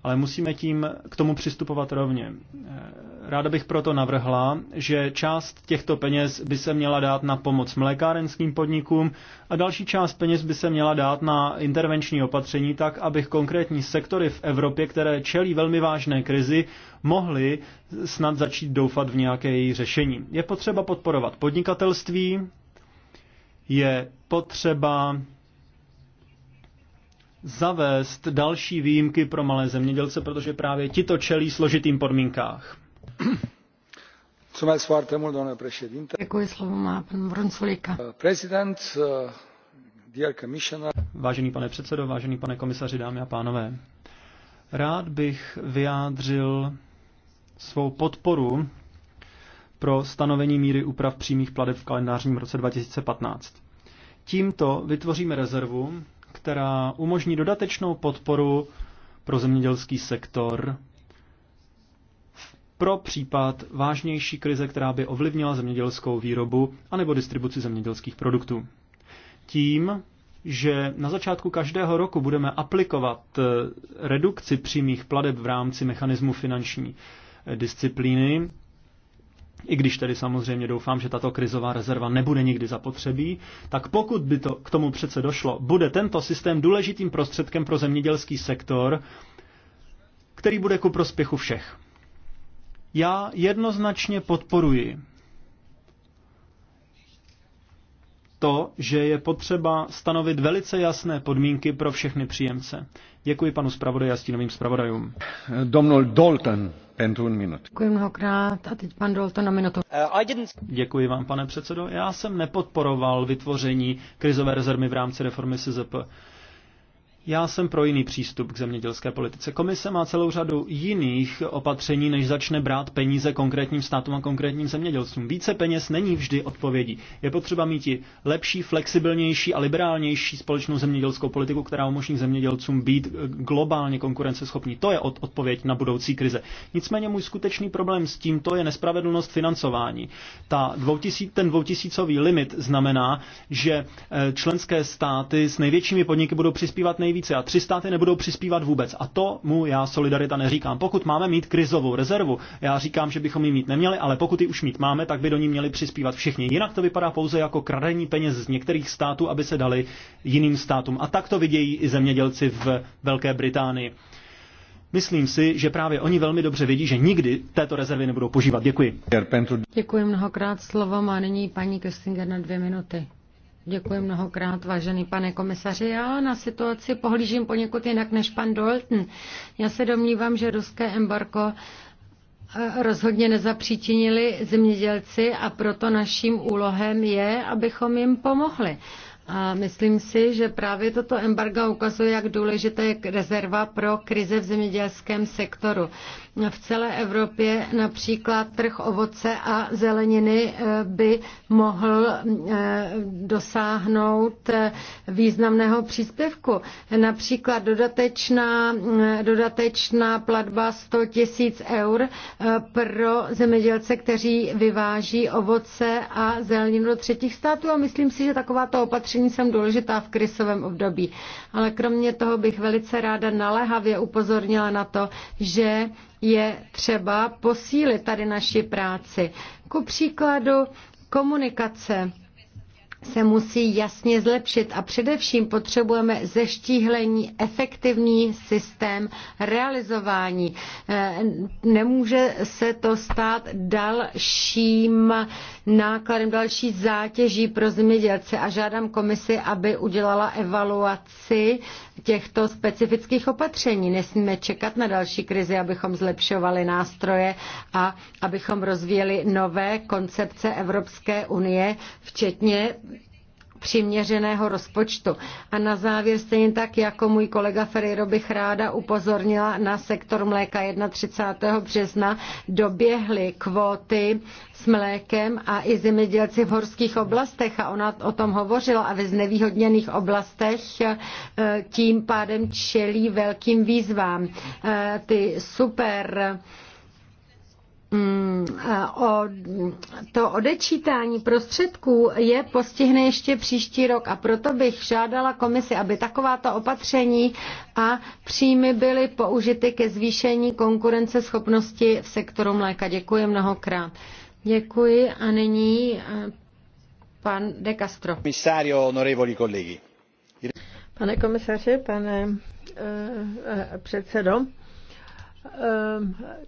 ale musíme tím k tomu přistupovat rovně. Eh, ráda bych proto navrhla, že část těchto peněz by se měla dát na pomoc mlékárenským podnikům a další část peněz by se měla dát na intervenční opatření tak, aby konkrétní sektory v Evropě, které čelí velmi vážné krizi, mohly snad začít doufat v nějaké její řešení. Je potřeba podporovat podnikatelství, je potřeba zavést další výjimky pro malé zemědělce, protože právě ti to čelí složitým podmínkách. Děkuji slovo má pan Vronculika. Uh, prezident, uh, Vážený pane předsedo, vážený pane komisaři, dámy a pánové. Rád bych vyjádřil svou podporu pro stanovení míry úprav přímých pladeb v kalendářním roce 2015. Tímto vytvoříme rezervu, která umožní dodatečnou podporu pro zemědělský sektor pro případ vážnější krize, která by ovlivnila zemědělskou výrobu anebo distribuci zemědělských produktů. Tím, že na začátku každého roku budeme aplikovat eh, redukci přímých pladeb v rámci mechanismu finanční eh, disciplíny, i když tedy samozřejmě doufám, že tato krizová rezerva nebude nikdy zapotřebí, tak pokud by to k tomu přece došlo, bude tento systém důležitým prostředkem pro zemědělský sektor, který bude ku prospěchu všech. Já jednoznačně podporuji to, že je potřeba stanovit velice jasné podmínky pro všechny příjemce. Děkuji panu zpravodaji a stínovým zpravodajům. Domnul Dalton, pentru un minut. Děkuji mnohokrát a teď pan Dalton na minutu. Uh, Děkuji vám, pane předsedo. Já jsem nepodporoval vytvoření krizové rezervy v rámci reformy SZP. Já jsem pro jiný přístup k zemědělské politice. Komise má celou řadu jiných opatření, než začne brát peníze konkrétním státům a konkrétním zemědělcům. Více peněz není vždy odpovědí. Je potřeba mít i lepší, flexibilnější a liberálnější společnou zemědělskou politiku, která umožní zemědělcům být eh, globálně konkurenceschopní. To je odpověď na budoucí krize. Nicméně můj skutečný problém s tímto je nespravedlnost financování. Ta 2000, ten dvoutisícový limit znamená, že eh, členské státy s největšími podniky budou přispívat nejvíc nejvíce a tři státy nebudou přispívat vůbec. A to mu já solidarita neříkám. Pokud máme mít krizovou rezervu, já říkám, že bychom ji mít neměli, ale pokud ji už mít máme, tak by do ní měli přispívat všichni. Jinak to vypadá pouze jako kradení peněz z některých států, aby se dali jiným státům. A tak to vidějí i zemědělci v Velké Británii. Myslím si, že právě oni velmi dobře vidí, že nikdy této rezervy nebudou požívat. Děkuji. Děkuji mnohokrát slovo má nyní paní Köstinger na dvě minuty. Děkuji mnohokrát, vážený pane komisaři. Já na situaci pohlížím poněkud jinak než pan Dalton. Já se domnívám, že ruské embargo eh, rozhodně nezapříčinili zemědělci a proto naším úlohem je, abychom jim pomohli. A myslím si, že právě toto embargo ukazuje, jak důležité je rezerva pro krize v zemědělském sektoru. V celé Evropě například trh ovoce a zeleniny eh, by mohl eh, dosáhnout eh, významného příspěvku. Například dodatečná, dodatečná platba 100 tisíc eur pro zemědělce, kteří vyváží ovoce a zeleninu do třetích států. A myslím si, že takováto opatření opatření jsou důležitá v krysovém období. Ale kromě toho bych velice ráda naléhavě upozornila na to, že je třeba posílit tady naši práci. Ku příkladu komunikace se musí jasně zlepšit a především potřebujeme zeštíhlení efektivní systém realizování. Eh, nemůže se to stát dalším nákladem, další zátěží pro zemědělce a žádám komisi, aby udělala evaluaci těchto specifických opatření. Nesmíme čekat na další krizi, abychom zlepšovali nástroje a abychom rozvíjeli nové koncepce Evropské unie, včetně přiměřeného rozpočtu. A na závěr stejně tak jako můj kolega Ferreiro bych ráda upozornila na sektor mléka 31. března doběhly kvóty s mlékem a i zemědělci v horských oblastech a ona o tom hovořila a ve znevýhodněných oblastech eh, tím pádem čelí velkým výzvám. Eh, ty super Mm, o, to odečítání prostředků je postihne ještě příští rok a proto bych žádala komisi, aby takováto opatření a příjmy byly použity ke zvýšení konkurenceschopnosti v sektoru mléka. Děkuji mnohokrát. Děkuji a nyní eh, pan De Castro. Pane komisaři, pane eh, eh předsedo, eh,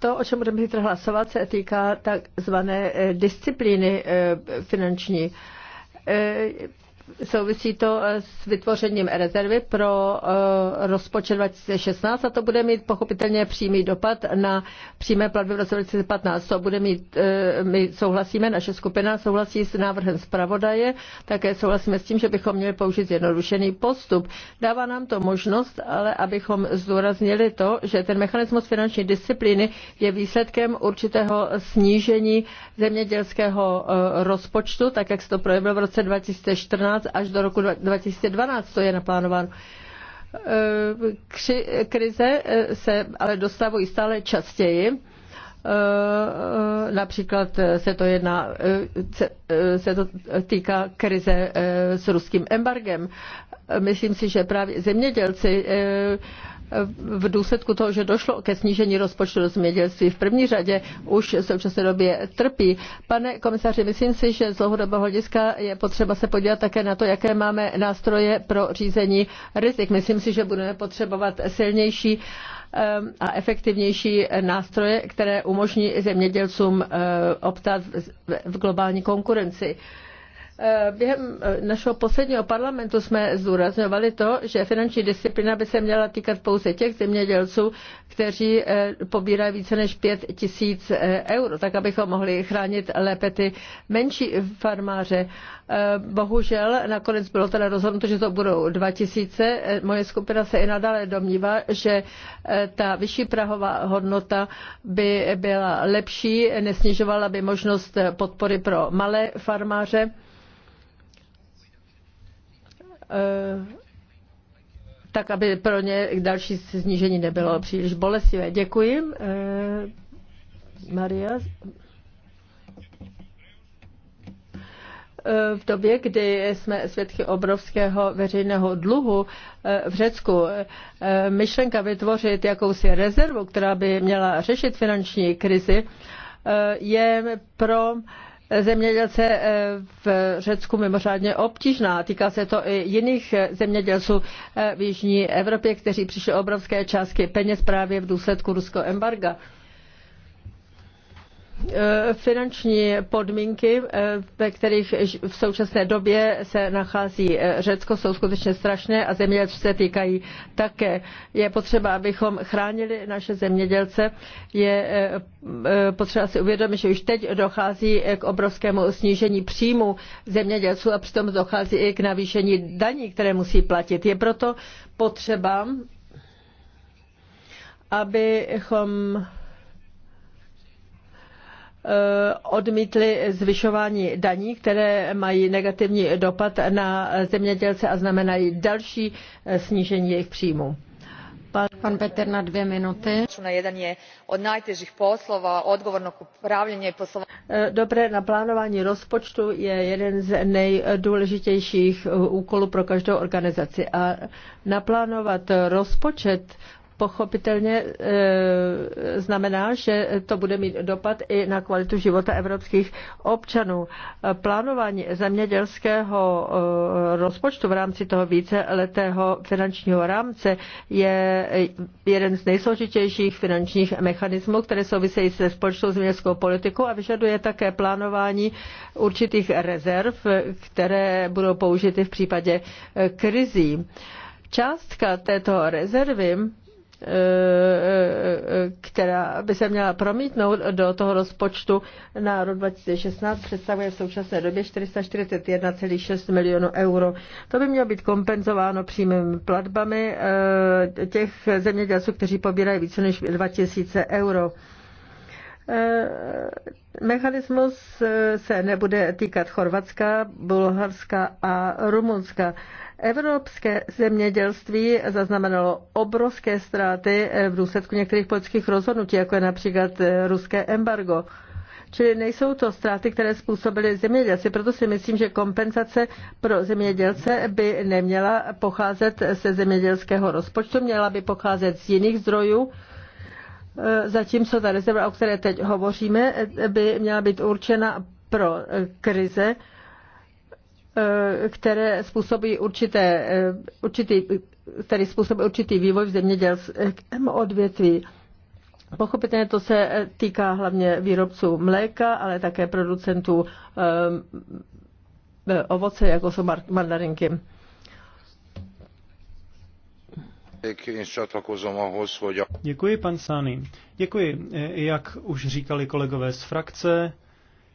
to, o čem budeme zítra hlasovat, se týká takzvané eh, disciplíny eh, finanční eh, Souvisí to eh, s vytvořením rezervy pro eh, rozpočet 2016 a to bude mít pochopitelně přímý dopad na přímé platby v roce 2015. To bude mít, eh, my souhlasíme, naše skupina souhlasí s návrhem zpravodaje, také souhlasíme s tím, že bychom měli použít zjednodušený postup. Dává nám to možnost, ale abychom zdůraznili to, že ten mechanismus finanční disciplíny je výsledkem určitého snížení zemědělského rozpočtu, tak jak se to projevilo v roce 2014 2011 až do roku 2012, to je naplánováno. Krize eh, se ale dostavují stále častěji eh, eh, například se to jedná, se to týká krize s ruským embargem. Myslím si, že právě zemědělci v důsledku toho, že došlo ke snížení rozpočtu do zemědělství v první řadě, už v současné době trpí. Pane komisaři, myslím si, že z dlouhodobého hlediska je potřeba se podívat také na to, jaké máme nástroje pro řízení rizik. Myslím si, že budeme potřebovat silnější a efektivnější nástroje, které umožní zemědělcům optat v globální konkurenci. Eh, během eh, našeho posledního parlamentu jsme zdůrazňovali to, že finanční disciplina by se měla týkat pouze těch zemědělců, kteří eh, pobírají více než 5 tisíc euro, tak abychom mohli chránit lépe ty menší farmáře. Bohužel nakonec bylo teda rozhodnuto, že to budou 2 tisíce. Moje skupina se i nadále domnívá, že ta vyšší prahová hodnota by byla lepší, nesnižovala by možnost podpory pro malé farmáře Eh, tak aby pro ně další snížení nebylo příliš bolestivé. Děkuji. Eh, Maria. Eh, v době, kdy jsme svědky obrovského veřejného dluhu v Řecku, myšlenka vytvořit jakousi rezervu, která by měla řešit finanční krizi, je pro zemědělce eh, v Řecku mimořádně obtížná. Týká se to i jiných eh, zemědělců eh, v Jižní Evropě, kteří přišli obrovské částky peněz právě v důsledku ruského embarga. Eh, finanční podmínky, eh, ve kterých v současné době se nachází eh, Řecko, jsou skutečně strašné a zemědělci se týkají také. Je potřeba, abychom chránili naše zemědělce. Je potřeba si uvědomit, že už teď dochází k obrovskému snížení příjmu zemědělců a přitom dochází i k navýšení daní, které musí platit. Je proto potřeba, abychom Eh, odmítli zvyšování daní, které mají negativní dopad na zemědělce a znamenají další eh, snížení jejich příjmů. Pan, Peter na dvě minuty. Jedan je od najtežih poslova, odgovorno upravljanje poslovanja. Eh, dobré naplánování rozpočtu je jeden z nejdůležitějších úkolů pro každou organizaci. A naplánovat rozpočet pochopitelně eh, znamená, že to bude mít dopad i na kvalitu života evropských občanů. Plánování zemědělského eh, rozpočtu v rámci toho víceletého finančního rámce je jeden z nejsložitějších finančních mechanismů, které souvisejí se společnou zemědělskou politikou a vyžaduje také plánování určitých rezerv, které budou použity v případě eh, krizí. Částka této rezervy Eh, eh, která by se měla promítnout do toho rozpočtu na rok 2016, představuje v současné době 441,6 milionů euro. To by mělo být kompenzováno přímými platbami eh, těch zemědělců, kteří pobírají více než 2000 euro. Eh, mechanismus eh, se nebude týkat Chorvatska, Bulharska a Rumunska. Evropské zemědělství zaznamenalo obrovské ztráty eh, v důsledku některých politických rozhodnutí, jako je například ruské embargo. Čili nejsou to ztráty, které způsobily zemědělci. Proto si myslím, že kompenzace pro zemědělce by neměla pocházet ze zemědělského rozpočtu, měla by pocházet z jiných zdrojů E, zatímco ta rezerva, o které teď hovoříme, e, by měla být určena pro e, krize, které způsobí určité, určitý, který způsobí určitý vývoj v zemědělském odvětví. Pochopitelně to se týká hlavně výrobců mléka, ale také producentů ovoce, jako jsou mandarinky. Děkuji, pan Sány. Děkuji. Jak už říkali kolegové z frakce,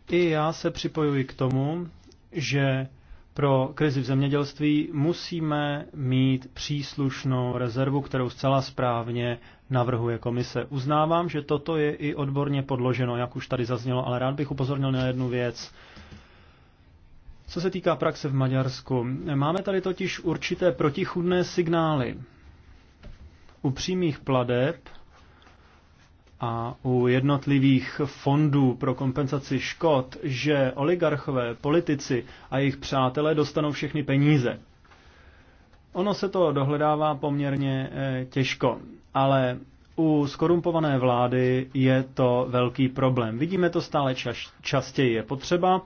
i já se připojuji k tomu, že pro krizi v zemědělství musíme mít příslušnou rezervu, kterou zcela správně navrhuje komise. Uznávám, že toto je i odborně podloženo, jak už tady zaznělo, ale rád bych upozornil na jednu věc. Co se týká praxe v Maďarsku, máme tady totiž určité protichudné signály. U přímých pladeb a u jednotlivých fondů pro kompenzaci škod, že oligarchové, politici a jejich přátelé dostanou všechny peníze. Ono se to dohledává poměrně eh, těžko, ale u skorumpované vlády je to velký problém. Vidíme to stále častěji. Je potřeba,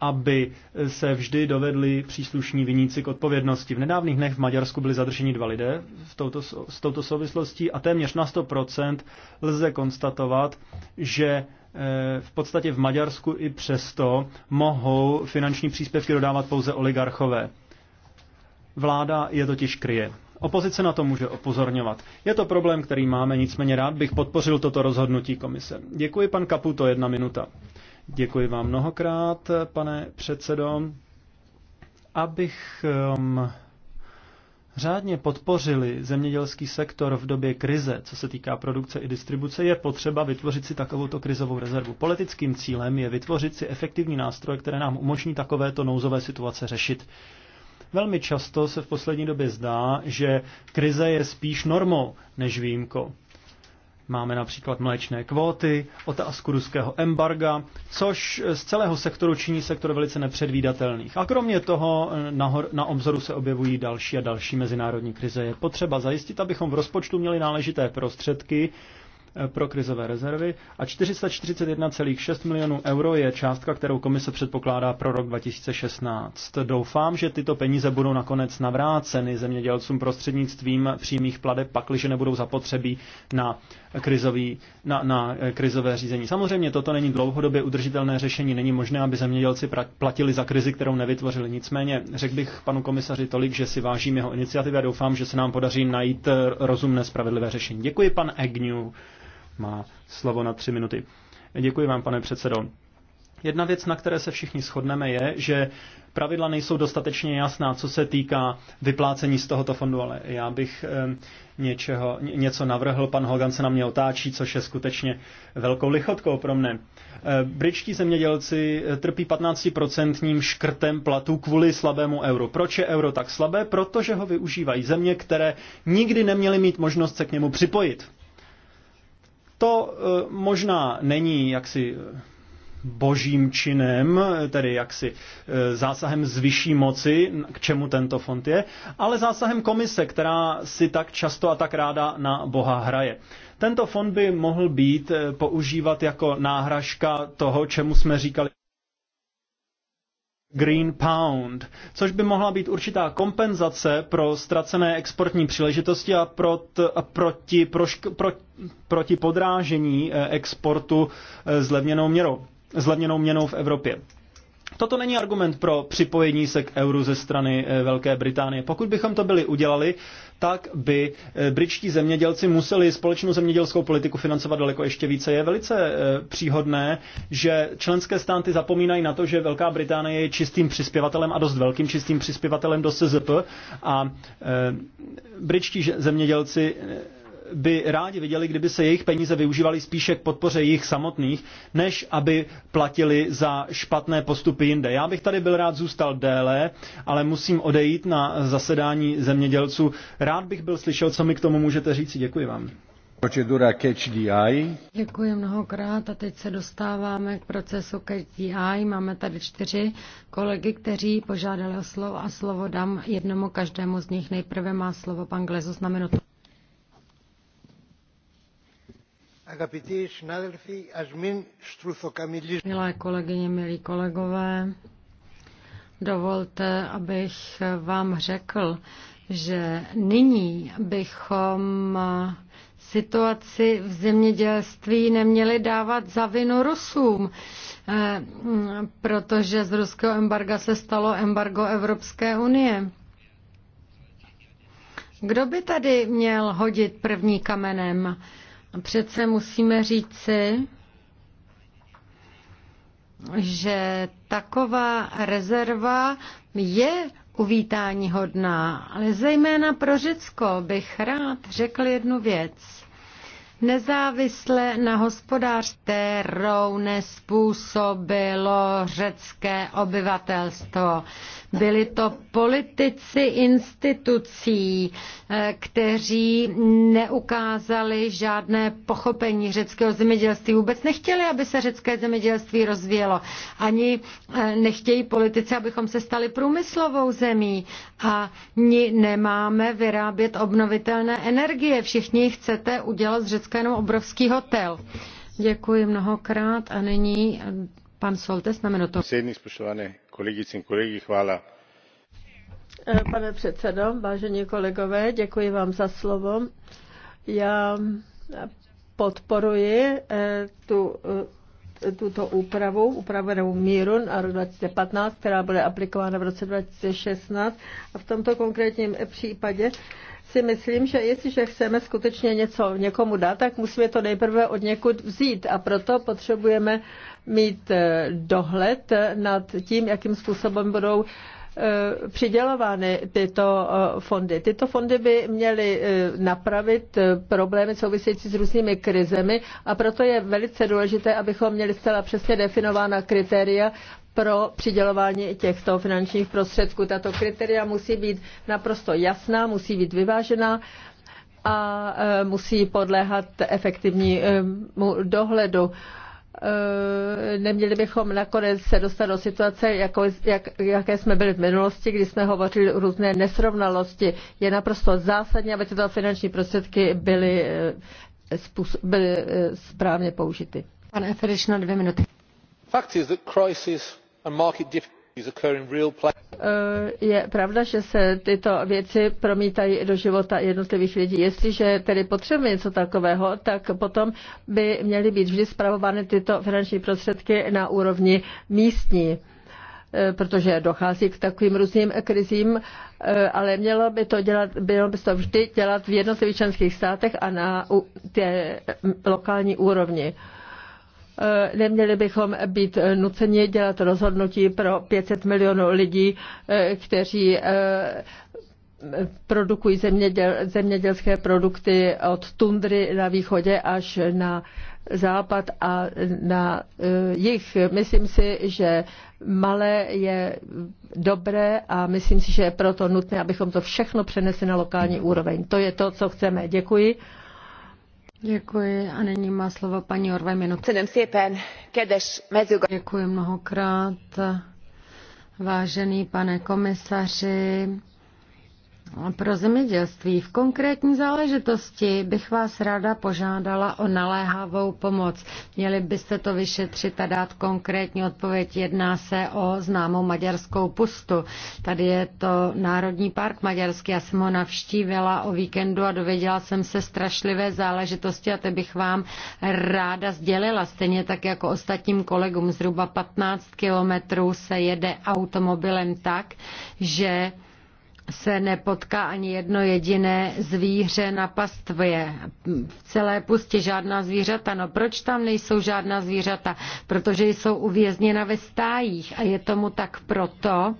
aby se vždy dovedli příslušní viníci k odpovědnosti. V nedávných dnech v Maďarsku byli zadrženi dva lidé v touto, s touto souvislostí a téměř na 100% lze konstatovat, že eh, v podstatě v Maďarsku i přesto mohou finanční příspěvky dodávat pouze oligarchové. Vláda je totiž kryje. Opozice na to může opozorňovat. Je to problém, který máme, nicméně rád bych podpořil toto rozhodnutí komise. Děkuji, pan Kaputo, jedna minuta. Děkuji vám mnohokrát, pane předsedo. Abych um, řádně podpořili zemědělský sektor v době krize, co se týká produkce i distribuce, je potřeba vytvořit si takovouto krizovou rezervu. Politickým cílem je vytvořit si efektivní nástroje, které nám umožní takovéto nouzové situace řešit. Velmi často se v poslední době zdá, že krize je spíš normou než výjimkou. Máme například mléčné kvóty, otázku ruského embarga, což z celého sektoru činí sektor velice nepředvídatelných. A kromě toho eh, nahor, na obzoru se objevují další a další mezinárodní krize. Je potřeba zajistit, abychom v rozpočtu měli náležité prostředky, pro krizové rezervy a 441,6 milionů euro je částka, kterou komise předpokládá pro rok 2016. Doufám, že tyto peníze budou nakonec navráceny zemědělcům prostřednictvím přímých pladeb, pakliže nebudou zapotřebí na, krizový, na, na krizové řízení. Samozřejmě toto není dlouhodobě udržitelné řešení, není možné, aby zemědělci platili za krizi, kterou nevytvořili. Nicméně řekl bych panu komisaři tolik, že si vážím jeho iniciativy a doufám, že se nám podaří najít rozumné spravedlivé řešení. Děkuji, pan Agnew má slovo na tři minuty. Děkuji vám, pane předsedo. Jedna věc, na které se všichni shodneme, je, že pravidla nejsou dostatečně jasná, co se týká vyplácení z tohoto fondu, ale já bych eh, něčeho, něco navrhl, pan Hogan se na mě otáčí, což je skutečně velkou lichotkou pro mne. Eh, britští zemědělci eh, trpí 15% škrtem platů kvůli slabému euro. Proč je euro tak slabé? Protože ho využívají země, které nikdy neměly mít možnost se k němu připojit. To eh, možná není jaksi eh, božím činem, eh, tedy jaksi zásahem z vyšší moci, k čemu tento fond je, ale zásahem komise, která si tak často a tak ráda na Boha hraje. Tento fond by mohl být používat jako náhražka toho, čemu jsme říkali Green Pound, což by mohla být určitá kompenzace pro ztracené exportní příležitosti a, prot, a proti, prošk, pro, proti podrážení eh, exportu eh, zlevněnou měrou, zlevněnou měnou v Evropě. Toto není argument pro připojení se k euru ze strany eh, Velké Británie. Pokud bychom to byli udělali, tak by eh, britští zemědělci museli společnou zemědělskou politiku financovat daleko ještě více. Je velice eh, příhodné, že členské státy zapomínají na to, že Velká Británie je čistým přispěvatelem a dost velkým čistým přispěvatelem do SZP a britští zemědělci by rádi viděli, kdyby se jejich peníze využívaly spíše k podpoře jich samotných, než aby platili za špatné postupy jinde. Já bych tady byl rád zůstal déle, ale musím odejít na zasedání zemědělců. Rád bych byl slyšel, co mi k tomu můžete říci. Děkuji vám. Procedura Catch the Eye. Děkuji mnohokrát a teď se dostáváme k procesu Catch the Eye. Máme tady čtyři kolegy, kteří požádali o slovo a slovo dám jednomu každému z nich. Nejprve má slovo pan Glezos na minutu. Milé kolegyně, milí kolegové, dovolte, abych vám řekl, že nyní bychom situaci v zemědělství neměli dávat za vinu Rusům, eh, protože z ruského embarga se stalo embargo Evropské unie. Kdo by tady měl hodit první kamenem? Přece musíme říci, že taková rezerva je uvítání hodná, ale zejména pro Řecko bych rád řekl jednu věc nezávisle na hospodářství, rou nespůsobilo řecké obyvatelstvo. Byli to politici institucí, eh, kteří neukázali žádné pochopení řeckého zemědělství. Vůbec nechtěli, aby se řecké zemědělství rozvíjelo. Ani eh, nechtějí politici, abychom se stali průmyslovou zemí. A nemáme vyrábět obnovitelné energie. Všichni chcete udělat z Řecka Turecka jenom obrovský hotel. Děkuji mnohokrát a nyní pan Soltes na minutu. Pane předsedo, vážení kolegové, děkuji vám za slovo. Já podporuji eh, tu eh, tuto úpravu, upravenou míru na rok 2015, která bude aplikována v roce 2016. A v tomto konkrétním případě si myslím, že jestliže chceme skutečně něco někomu dát, tak musíme to nejprve od někud vzít a proto potřebujeme mít eh, dohled nad tím, jakým způsobem budou eh, přidělovány tyto eh, fondy. Tyto fondy by měly napravit problémy související s různými krizemi a proto je velice důležité, abychom měli zcela přesně definována kritéria pro přidělování těchto finančních prostředků. Tato kritéria musí být naprosto jasná, musí být vyvážená a e, musí podléhat efektivnímu e, dohledu e, neměli bychom nakonec se dostat do situace, jako, jak, jaké jsme byli v minulosti, kdy jsme hovořili o různé nesrovnalosti. Je naprosto zásadní, aby tyto finanční prostředky byly, byly správně použity. Pane Eferič, na dvě minuty. Fakt je, že crisis Eh, je pravda, že se tyto věci promítají do života jednotlivých lidí. Jestliže tedy potřebujeme něco takového, tak potom by měly být vždy spravovány tyto finanční prostředky na úrovni místní eh, protože dochází k takovým různým krizím, eh, ale mělo by to dělat, bylo by to vždy dělat v jednotlivých členských státech a na té lokální úrovni. Eh, neměli bychom být nuceni dělat rozhodnutí pro 500 milionů lidí, eh, kteří eh, produkují zeměděl, zemědělské produkty od tundry na východě až na západ a na jich. Myslím si, že malé je dobré a myslím si, že je proto nutné, abychom to všechno přenesli na lokální úroveň. To je to, co chceme. Děkuji. Děkuji a nyní má slovo paní Orvaj minutu. Děkuji mnohokrát. Vážený pane komisaři, pro zemědělství. V konkrétní záležitosti bych vás ráda požádala o naléhavou pomoc. Měli byste to vyšetřit a dát konkrétní odpověď. Jedná se o známou maďarskou pustu. Tady je to Národní park maďarský. Já jsem ho navštívila o víkendu a dověděla jsem se strašlivé záležitosti a to bych vám ráda sdělila. Stejně tak jako ostatním kolegům. Zhruba 15 kilometrů se jede automobilem tak, že se nepotká ani jedno jediné zvíře na pastvě. V celé pustě žádná zvířata. No proč tam nejsou žádná zvířata? Protože jsou uvězněna ve stájích a je tomu tak proto,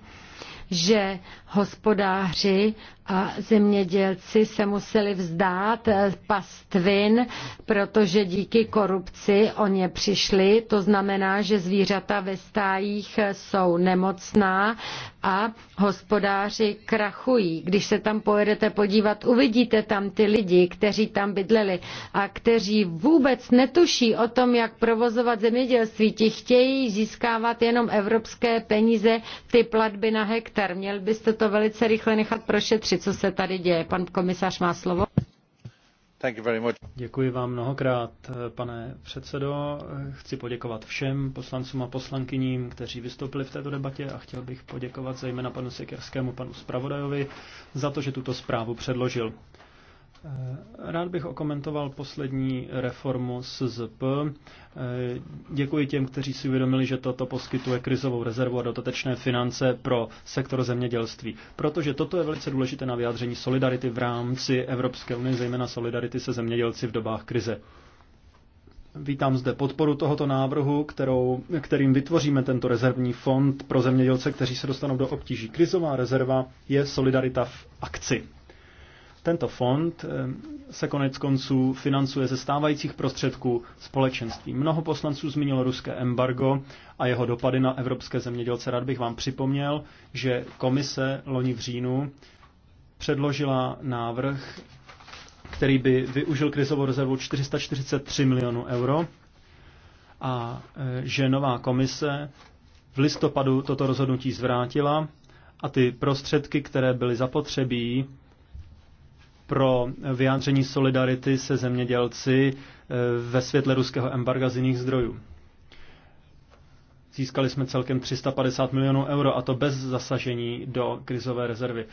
že hospodáři a zemědělci se museli vzdát eh, pastvin, protože díky korupci o ně přišli. To znamená, že zvířata ve stájích eh, jsou nemocná a hospodáři krachují. Když se tam pojedete podívat, uvidíte tam ty lidi, kteří tam bydleli a kteří vůbec netuší o tom, jak provozovat zemědělství. Ti chtějí získávat jenom evropské peníze, ty platby na hektar. Měl byste to velice rychle nechat prošetřit vše, co se tady děje. Pan komisař má slovo. Děkuji vám mnohokrát, pane předsedo. Chci poděkovat všem poslancům a poslankyním, kteří vystoupili v této debatě a chtěl bych poděkovat zejména panu Sikerskému, panu Spravodajovi za to, že tuto zprávu předložil. Eh, rád bych okomentoval poslední reformu SZP. Eh, děkuji těm, kteří si uvědomili, že toto poskytuje krizovou rezervu a dotatečné finance pro sektor zemědělství. Protože toto je velice důležité na vyjádření solidarity v rámci Evropské unie, zejména solidarity se zemědělci v dobách krize. Vítám zde podporu tohoto návrhu, kterou, kterým vytvoříme tento rezervní fond pro zemědělce, kteří se dostanou do obtíží. Krizová rezerva je solidarita v akci. Tento fond eh, se konec konců financuje ze stávajících prostředků společenství. Mnoho poslanců zmínilo ruské embargo a jeho dopady na evropské zemědělce. Rád bych vám připomněl, že komise loni v říjnu předložila návrh, který by využil krizovou rezervu 443 milionů euro a eh, že nová komise v listopadu toto rozhodnutí zvrátila a ty prostředky, které byly zapotřebí, pro vyjádření solidarity se zemědělci eh, ve světle ruského embarga z jiných zdrojů. Získali jsme celkem 350 milionů euro a to bez zasažení do krizové rezervy.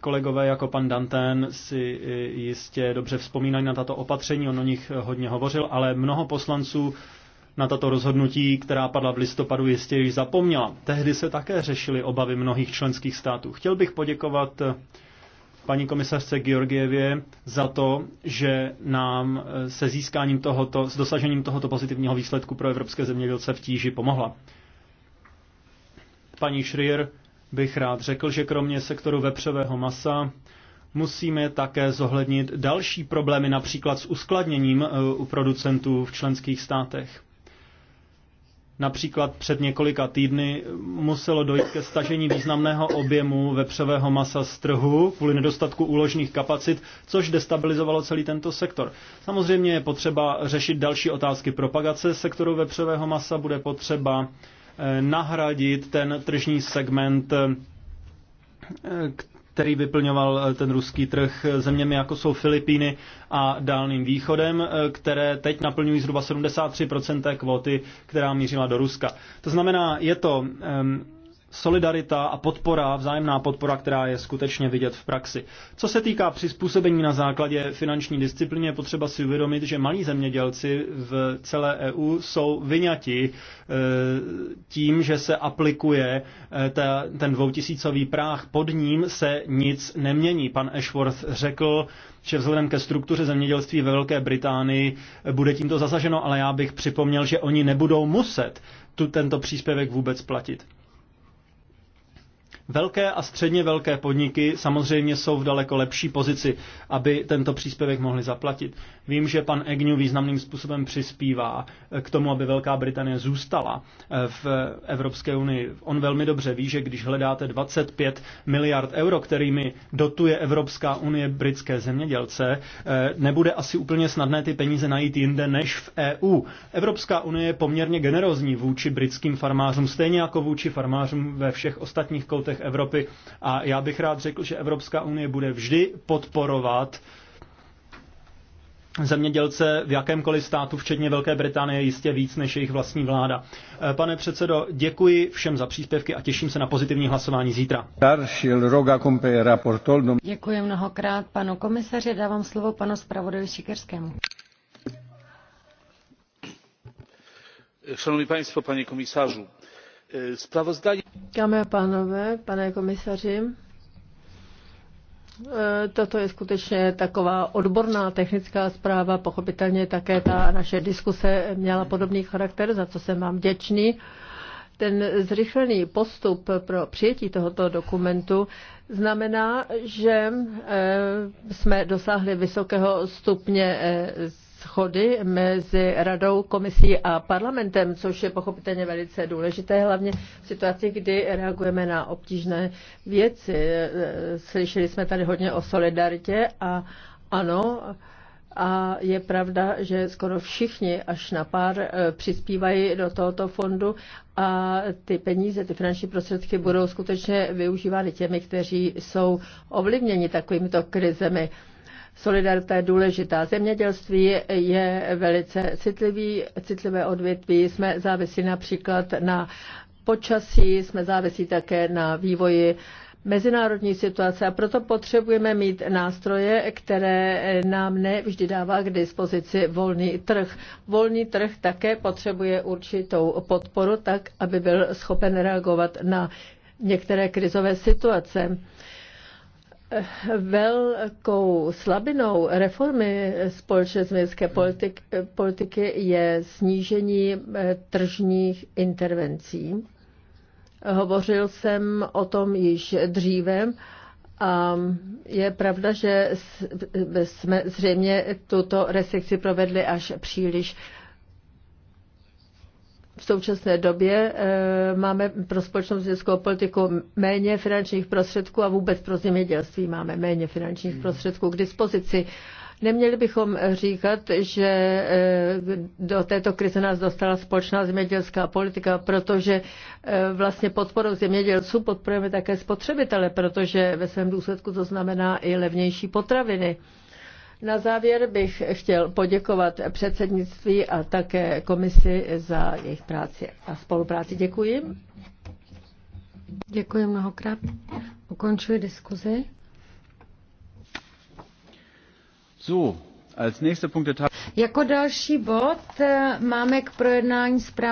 Kolegové jako pan Dantén si eh, jistě dobře vzpomínají na tato opatření, on o nich hodně hovořil, ale mnoho poslanců na tato rozhodnutí, která padla v listopadu, jistě již zapomněla. Tehdy se také řešily obavy mnohých členských států. Chtěl bych poděkovat eh, paní komisařce Georgievě za to, že nám eh, se získáním tohoto, s dosažením tohoto pozitivního výsledku pro evropské zemědělce v tíži pomohla. Paní Schrier bych rád řekl, že kromě sektoru vepřového masa musíme také zohlednit další problémy, například s uskladněním eh, u producentů v členských státech. Například před několika týdny muselo dojít ke stažení významného objemu vepřového masa z trhu kvůli nedostatku úložných kapacit, což destabilizovalo celý tento sektor. Samozřejmě je potřeba řešit další otázky propagace sektoru vepřového masa, bude potřeba eh, nahradit ten tržní segment, eh, který vyplňoval eh, ten ruský trh eh, zeměmi, jako jsou Filipíny a Dálným východem, eh, které teď naplňují zhruba 73% té kvóty, která mířila do Ruska. To znamená, je to ehm, solidarita a podpora, vzájemná podpora, která je skutečně vidět v praxi. Co se týká přizpůsobení na základě finanční disciplíny, je potřeba si uvědomit, že malí zemědělci v celé EU jsou vyňati e, tím, že se aplikuje e, ta, ten dvoutisícový práh. Pod ním se nic nemění. Pan Ashworth řekl, že vzhledem ke struktuře zemědělství ve Velké Británii bude tímto zasaženo, ale já bych připomněl, že oni nebudou muset tu, tento příspěvek vůbec platit. Velké a středně velké podniky samozřejmě jsou v daleko lepší pozici, aby tento příspěvek mohli zaplatit. Vím, že pan Egnu významným způsobem přispívá eh, k tomu, aby Velká Británie zůstala eh, v Evropské unii. On velmi dobře ví, že když hledáte 25 miliard euro, kterými dotuje Evropská unie britské zemědělce, eh, nebude asi úplně snadné ty peníze najít jinde než v EU. Evropská unie je poměrně generozní vůči britským farmářům, stejně jako vůči farmářům ve všech ostatních koutech částech Evropy. A já bych rád řekl, že Evropská unie bude vždy podporovat zemědělce v jakémkoliv státu, včetně Velké Británie, jistě víc než jejich vlastní vláda. Eh, pane předsedo, děkuji všem za příspěvky a těším se na pozitivní hlasování zítra. Děkuji mnohokrát panu komisaři, dávám slovo panu zpravodaji Šikerskému. Szanowni Państwo, Panie Komisarzu, E, Dámy a pánové, pane komisaři, e, Toto je skutečně taková odborná technická zpráva. Pochopitelně také ta naše diskuse měla podobný charakter, za co jsem vám vděčný. Ten zrychlený postup pro přijetí tohoto dokumentu znamená, že e, jsme dosáhli vysokého stupně schody mezi radou, komisí a parlamentem, což je pochopitelně velice důležité, hlavně v situaci, kdy reagujeme na obtížné věci. Slyšeli jsme tady hodně o solidaritě a ano, a je pravda, že skoro všichni až na pár eh, přispívají do tohoto fondu a ty peníze, ty finanční prostředky budou skutečně využívány těmi, kteří jsou ovlivněni takovýmito krizemi. Solidarita je důležitá. Zemědělství je velice citlivý, citlivé odvětví. Jsme závisí například na počasí, jsme závisí také na vývoji mezinárodní situace a proto potřebujeme mít nástroje, které nám ne vždy dává k dispozici volný trh. Volný trh také potřebuje určitou podporu tak, aby byl schopen reagovat na některé krizové situace. Velkou slabinou reformy společné zemědělské politik, politiky je snížení eh, tržních intervencí. Hovořil jsem o tom již dříve a je pravda, že jsme zřejmě tuto restrikci provedli až příliš v současné době eh, máme pro společnou zemědělskou politiku méně finančních prostředků a vůbec pro zemědělství máme méně finančních hmm. prostředků k dispozici. Neměli bychom říkat, že eh, do této krize nás dostala společná zemědělská politika, protože eh, vlastně podporou zemědělců podporujeme také spotřebitele, protože ve svém důsledku to znamená i levnější potraviny. Na závěr bych chtěl poděkovat předsednictví a také komisi za jejich práci a spolupráci. Děkuji. Děkuji mnohokrát. Ukončuji diskuzi. So, als nächster Punkt der Jako další bod eh, máme k projednání zprávy?